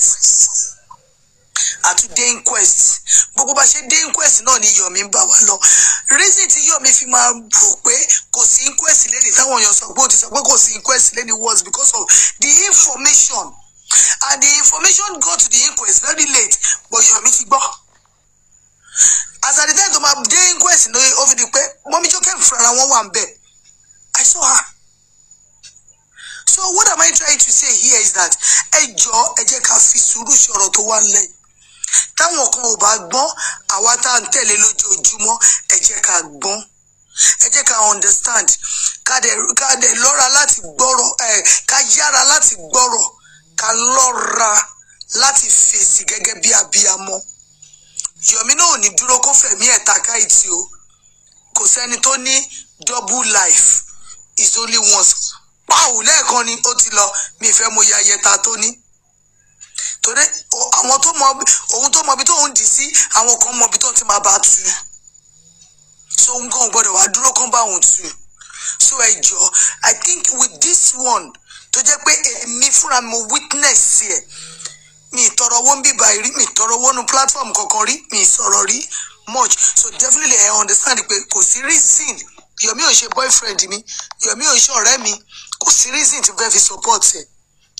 àti dé inquest gbogbo bá ṣe dé inquest náà ni Yomi ń bá wa lọ reason tí Yomi fi máa rò pé kò sí inquest lẹ́ni táwọn èèyàn sọ pé ó ti sọ pé kò sí inquest lẹ́ni was because of the information and the information got to the inquest very late but Yomi ti gbọ́ as at the time tó máa dé inquest ní ó fi di pé mọ́mí jókè fúnra wọn wà ń bẹ̀ I saw her. So what am I trying to say here is that ẹ jọ ẹ jẹ́ ká fi sùúrù ṣe ọ̀rọ̀ tó wà lẹ́yìn táwọn kan ò bá gbọ́n àwa tá à ń tẹ̀lé lójoojúmọ́ ẹ jẹ́ ká gbọ́n ẹ jẹ́ ká understand ká dẹ̀ ká dẹ̀ lọ́ra láti gbọ́rọ̀ ẹ̀ ká yára láti gbọ́rọ̀ ká lọ́ra láti fèsì gẹ́gẹ́ bí abiyamọ Yomi náà ò ní dúró kó fẹ̀mí ẹ̀ ta káìtì o kò sẹ́ni tó ní double life is only once pàwọ́ lẹ́ẹ̀kan ni ó ti lọ mi ìfẹ́ mo yà yẹta tó ní torí àwọn tó mọ ohun tó mọ ibi tó ń dì sí àwọn kan mọ ibi tó ti máa bá tu so n kàn gbọ́dọ̀ dúró kán bá òun tu so ẹ jọ i think with this one tó jẹ́ pé èmi fúnra mi witness ẹ mi tọrọ owó ń bíbá rí mi tọrọ owó nu platform kankan rí mi sọ̀rọ̀ rí much so definitely i understand pé kò sí reason Yomi ò ṣe boyfriend mi Yomi ò ṣe ọ̀rẹ́ mi kò sí reason tí fẹ́ fi support ẹ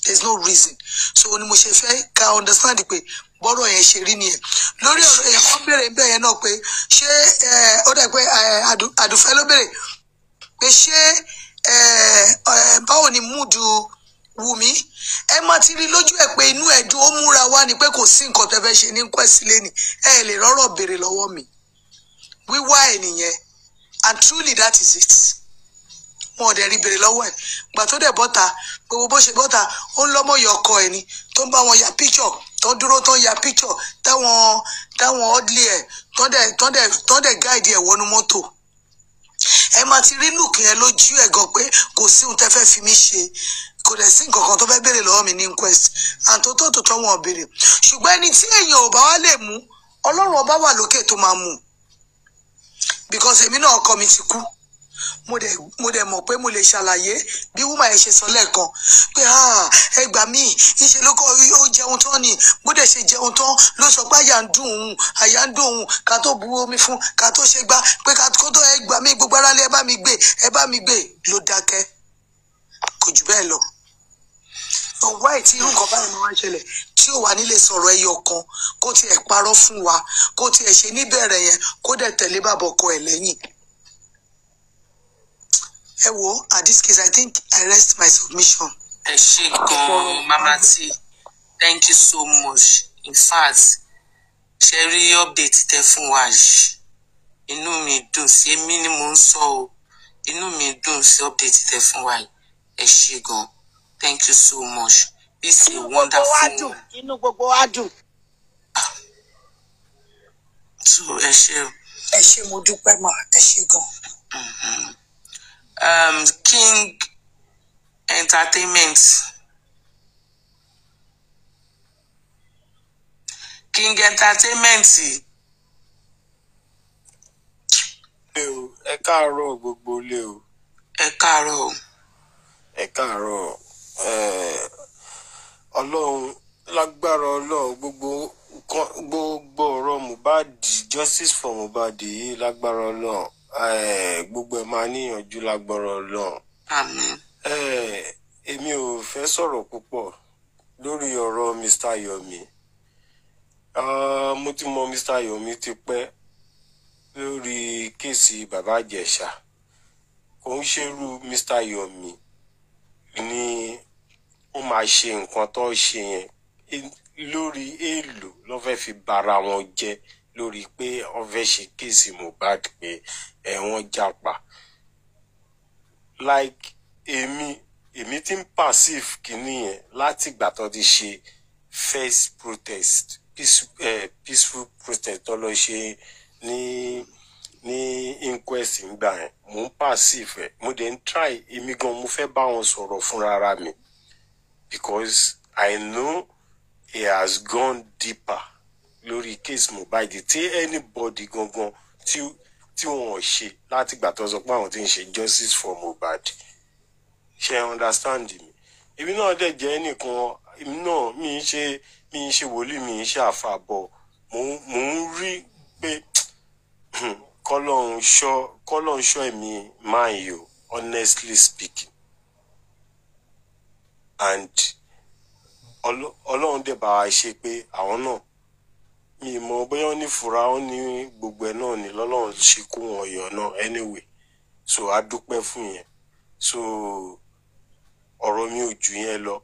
there is no reason so ni mo ṣe fẹ́ ka understand pé bọ́rọ̀ yẹn ṣe rí nìyẹn lórí ọ̀rọ̀ yẹn wọ́n béèrè bẹ́ẹ̀ yẹn náà pé ṣé ó dà pé àdùfẹ́ ló béèrè pé ṣé báwo ni múùdù Wùmí ẹ má ti rí lójú ẹ pé inú ẹ dùn ó múra wá ni pé kò sí nǹkan tẹ́ fẹ́ ṣe ní kwẹ́sì lẹ́nì ẹ lè rọ́rọ̀ béèrè lọ́wọ́ mi wíwá ẹ nìyẹn and truly that is it wọn ò dẹ̀ rí bèrè lọ́wọ́ ẹ̀ gbà tó dẹ̀ bọ́ta gbogbo bó ṣe bọ́ta ó ń lọ́mọ yọ ọkọ ẹ̀ ni tó ń bá wọn ya píkṣọ̀ tó dúró tó ń ya píkṣọ̀ táwọn táwọn ọ́dílé ẹ̀ tó dẹ̀ tó dẹ̀ tó dẹ̀ gáìdì ẹ̀ wọnú mọ́tò ẹ máa ti rí lùkì yẹn lójú ẹ̀ gan pé kò sí ohun tẹ́ fẹ́ fi mí ṣe kò dẹ̀ sí nǹkan tó fẹ́ béèrè lọ́wọ́ mi ní inquest àtòtò tó tọ́ wọn béèrè ṣùgbọ́n ẹni tí èèyàn ò bá wá lè mú ọlọ́run ọba wà lókè tó máa mú because èmi náà ọkọ mi ti kú mo dẹ̀ mo dẹ̀ mọ̀ pé mo lè ṣàlàyé bí wúmà yẹn ṣe sọ lẹ́ẹ̀kan pé ah, ẹ gbà mí ìṣe ló kọ́ ó jẹun tán ni bó dẹ̀ ṣe jẹun tán ló sọ pé àyà ń dùn òun àyà ń dùn òun ká tó bu omi fún ká tó ṣe gbá pé ká tó ẹ gbà mí gbogbo ara ẹ bá mi gbé ẹ bá mi gbé ló dákẹ́ kò jù bẹ́ẹ̀ lọ ọwọ́ ẹ̀ tí irú nǹkan báyìí máa ń ṣẹlẹ̀ tí ó wà nílé sọ̀rọ̀ ẹyọ kan kó tiẹ̀ parọ́ fún wa kó tiẹ̀ ẹ wo at this case i think i rest my submission. ẹ ṣe gan-an mama t thank you so much in fact ṣe rí update tẹ fún wa yìí inú mi dùn sí èmi ni mò ń sọ o inú mi dùn sí update tẹ fún wa yìí ẹ ṣe gan thank you so much this is wonderful. inú gbogbo wa dùn ah. so ẹ ṣe. ẹ ṣe mo dúpẹ́ mà ẹ ṣe gan. Mm-hmm um, King Entertainment. King Entertainment. ẹ káàárọ̀ gbogbo ilé o. ẹ káàárọ̀. ẹ káàárọ̀ ọlọ́run lágbára ọlọ́run gbogbo gbogbo ọ̀rọ̀ Mohbad justice for Mohbad yìí lágbára ọlọ́run Eh, gbogbo ẹ̀ máa níyànjú lágbọ́rọ̀ Ọlọ́run. àmín. Eh, èmi ò fẹ́ sọ̀rọ̀ púpọ̀ lórí ọ̀rọ̀ Mr. Yomi ah, mo ti mọ Mr. Yomi ti pẹ́ lórí kéèsì bàbá Ìjẹ̀ṣà kò ń ṣerú Mr. Yomi ni ó máa ṣe nǹkan tó ṣe yẹn lórí èèlò ló fi bara wọn jẹ́ lórí pé wọ́n ṣe kéèsì Mohbad pé ẹ̀ japa like èmi èmi ti ń passive kìíní yẹn láti ìgbà tó ti ṣe first protest peace, eh, peaceful protest tó lọ ṣe ní ní inquest ńgbà yẹn mò ń passive ẹ mo dẹ̀ ń try èmi gan mo fẹ́ bá wọn sọ̀rọ̀ fúnra mi because I know it has gone deeper lórí case Mohbad tí anybody gangan tí tí wọn ò ṣe láti gbà tó sọ pé àwọn ti ń ṣe justice for Mohbad ṣe understand me. èmi náà dẹ̀ jẹ́ ẹnìkan èmi náà mi ń ṣe mi ń ṣe wòlíì mi ń ṣe àfàbọ̀ mò ń rí pé kọ́lọ́hún ṣọ́ kọ́lọ́hún ṣọ́ ẹ̀mí máa yọ honestly speaking and ọlọ́run dẹ̀ bá wa ṣe pé àwọn náà mi ì bóyá wọ́n ní fura wọ́n ní gbogbo ẹ̀ náà ní lọ́lọ́run ṣe kó wọn yọ̀ náà anyway so a dúpẹ́ fún yẹn so ọ̀rọ̀ mi ò jù yẹn lọ.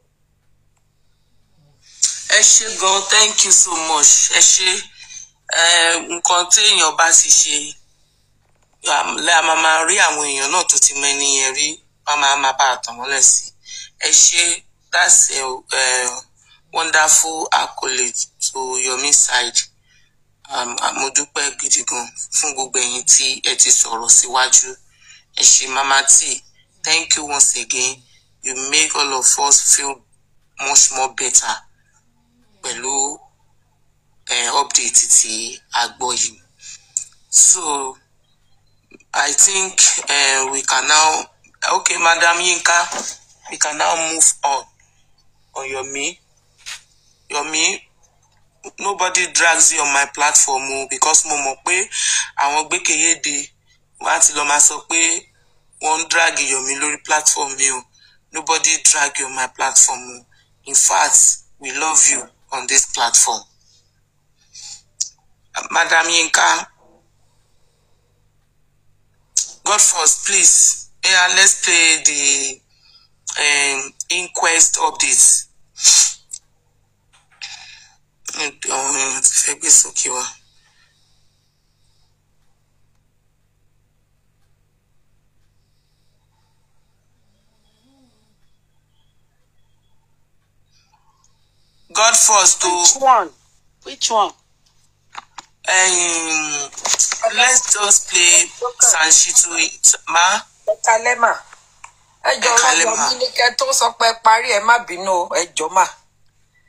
ẹ ṣe gan thank you so much ẹ ṣe nǹkan téèyàn bá ti ṣe la máa máa rí àwọn èèyàn náà tó ti mẹ́ni yẹn rí wọ́n máa máa bá àtàn mọ́lẹ̀ sí ẹ ṣe that's a uh, eh, eh, wonderful accolade to your side mo dúpẹ́ gidi gan fún gbogbo ẹ̀yin tí ẹ ti sọ̀rọ̀ síwájú ẹ ṣé mama t thank you once again you make all of us feel much more better pẹ̀lú eh, update tí a gbọ́ yìí so I think uh, we can now okay madam Yinka we can now move on on Yomi Yomi nobody drags you on my platform o because mo mọ̀ pé àwọn gbẹ́kẹ̀yéde wọ́n á ti lọ́ọ́ máa sọ pé wọ́n ń drag yomi lórí platform mi o nobody drag you on my platform o in fact we love you on this platform. Madam Yinka, God first, please. Yeah, let's play the um, inquest updates ti fẹ́ gbé sókè wa. God first o. Which one? Which one? Um, let's just play Sanchitu Ma. Ekalema. Ẹ jọ̀ọ́ ọlọ́mọ mi ní kẹ́ tó sọ pé parí ẹ má bínú ẹ jọ̀ọ́ mà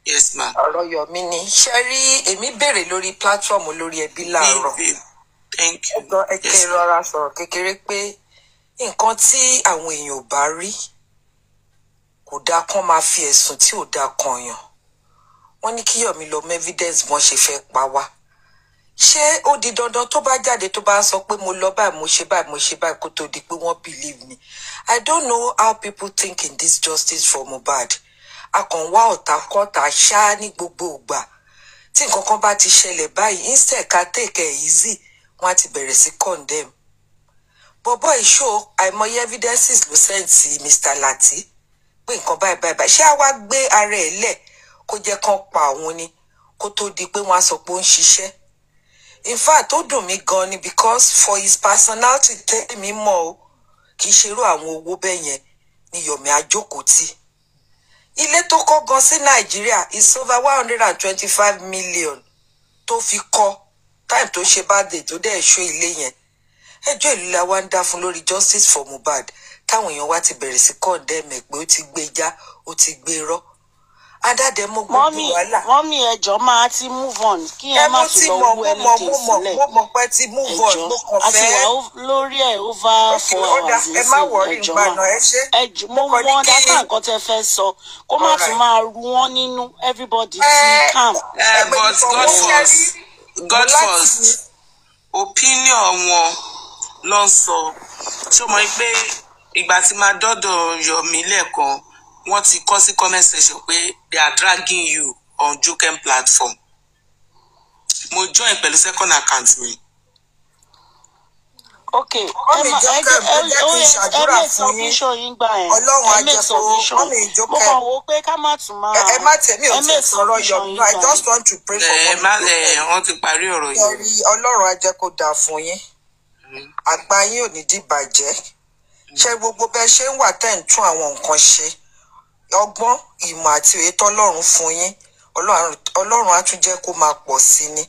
yes ma. ọ̀rọ̀ yọ̀mí ni ṣe rí èmi béèrè lórí platform lórí ẹbí láàárọ̀ ẹ̀gbọ́n ẹ̀kẹ́ rọra sọ̀rọ̀ kékeré pé nǹkan tí àwọn èèyàn ò bá rí kò dáa kán máa fi ẹ̀sùn tí ò dáa kan yàn wọ́n ní kí yọ̀mí lọ mọ evidence wọ́n ṣe fẹ́ pa wá ṣé ó di dandan tó bá jáde tó bá sọ pé mo lọ báyìí mo ṣe báyìí mo ṣe báyìí kó tó di pé wọ́n believe me i don't know how people think in this justice for Mohbad a kàn ń wá ọ̀tá kọ́ta ṣáá ní gbogbo ìgbà tí nǹkan kan bá ti ṣẹlẹ̀ báyìí instead ká take it easy wọ́n á ti bẹ̀rẹ̀ sí condemn. bọ̀bọ̀ ìṣó àìmọye evidences ló sẹ́ǹtì Mr. Lati pé nǹkan báyìí báyìí báyìí ṣé a wá gbé ara ẹ̀ lẹ̀ kó jẹ́ kán pa òun ni kó tó di pé wọ́n á sọ pé ó ń ṣiṣẹ́. in fact ó dùn mí gan ni because for his personality tẹ́lẹ̀ mi mọ̀ o kì í ṣerú àwọn owó bẹ́ẹ̀ yẹn ni Yomi Ajókòó tì ilé tó kọ́ gan sí nàìjíríà is over one hundred and twenty-five million tó fi kọ́ time tó ṣe bá dé tó dẹ̀ ṣó ilé yẹn ẹjọ́ ìlú la wá ń dá fún lórí justice for Mohbad táwọn èèyàn wá ti bẹ̀rẹ̀ sí kọ́ ọ̀dẹ́mẹ̀ pé ó ti gbé já ó ti gbé rọ́ adádẹ mo gbogbo wàhálà. mọ́mí ẹjọ́ máa ti move on kí ẹ má fi lọ wú ẹni kì í sílẹ̀ mo mọ̀ pé ti move on mo kàn fẹ́. ẹjọ́ àti wà lórí ẹ̀ over four hours ẹ má wọrí ìgbà náà ẹ ṣe. ẹjọ́ mo wọ́n dáadáa nǹkan tẹ fẹ́ sọ kó má tún máa ru wọ́n nínú everybody ti eh, calm. ẹ eh, eh, but God first God first opinion wọn ló ń sọ ṣé o mọ̀ pé ìgbà tí máa dọ́dọ̀ yọ̀ mí lẹ́ẹ̀kan wọ́n ti kọ sí comment section pé they are dragging you on Jukem platform mo join pẹ̀lú second account mi. ok ọmọ ẹgbẹ́ ẹmẹ submission yín gbà yẹn ẹmẹ submission mo kàn wò pé ká má tún máa ẹ má tẹ̀mí ò tí ì sọ̀rọ̀ yọ I just want to pray for one minute. wọ́n ti parí ọ̀rọ̀ yìí. ẹ̀rí ọlọ́run á jẹ́ kó dáa fún yín mm. àgbà yín ò ní dìbàjẹ́ ṣé mm. gbogbo bẹ́ẹ̀ ṣe ń wà tẹ̀ ń tún àwọn nǹkan ṣe ọgbọ́n ìmọ̀ àti òye tọ́lọ́run fún yín ọlọ́run á tún jẹ́ kó máa pọ̀ sí ni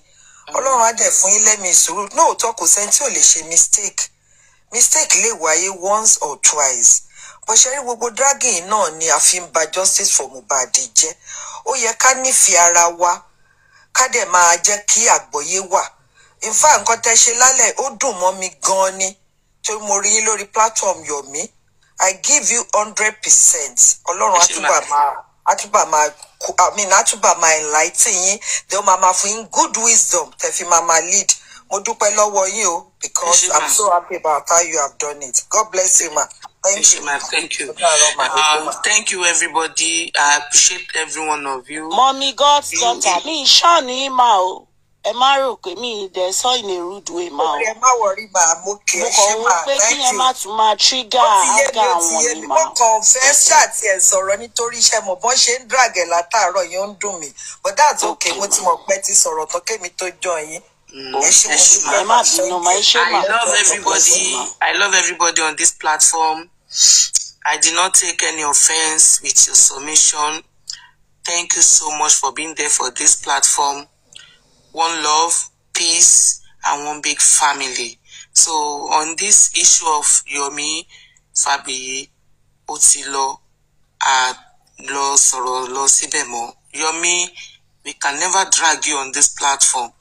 ọlọ́run á dẹ̀ fún yín lẹ́mìí sùúrù lóòótọ́ kò sẹ́ni tí ò lè ṣe mistake mistake lè wáyé once or twice bọ́sẹ̀rí gbogbo dragging náà ni a fi ń ba justice for Mohbad jẹ́ ó yẹ ká nífẹ̀ẹ́ ara wa ká dẹ̀ máa jẹ́ kí àgbọ́yé wà in fact nǹkan tẹ́ ṣe lálẹ́ ó dùn mọ́ mi gan-an ni tí mo rí yín lórí platform Yomi i give you hundred percent ọlọ́run àtúbà máa àtúbà máa i mean àtúbà máa enlighten yín then ó máa máa fún yín good wisdom tẹ́ fi máa máa lead mo dúpẹ́ lọ́wọ́ yín o because i'm so happy about how you have done it god bless you ma. Thank you, Thank you. Um, thank you, everybody. I appreciate every one of you. Mommy, God's daughter. Me, Shani, Mao ẹ má rò pé mi dẹ̀ sọ in a ẹ má wọrí mo kì í pé kí ẹ má tún máa trigger ága àwọn ni mo kàn fẹ́ ṣàti ẹ̀ sọ̀rọ̀ nítorí iṣẹ́ mo bọ́n ṣe ń drag látàárọ̀ yẹn ó ń dùn mí but that's okay mo ti mọ̀ pé ti sọ̀rọ̀ tán kémi tó jọ yín. ẹ má bínú ma ẹ ṣe mà. I love everybody I love everybody on this platform. I did not take any offense with your submission. Thank you so much for being there for this platform. one love, peace, and one big family. So on this issue of Yomi Fabi, Otilo, Lọ sọ̀rọ̀ lọ síbẹ̀ Yomi, we can never drag you on this platform.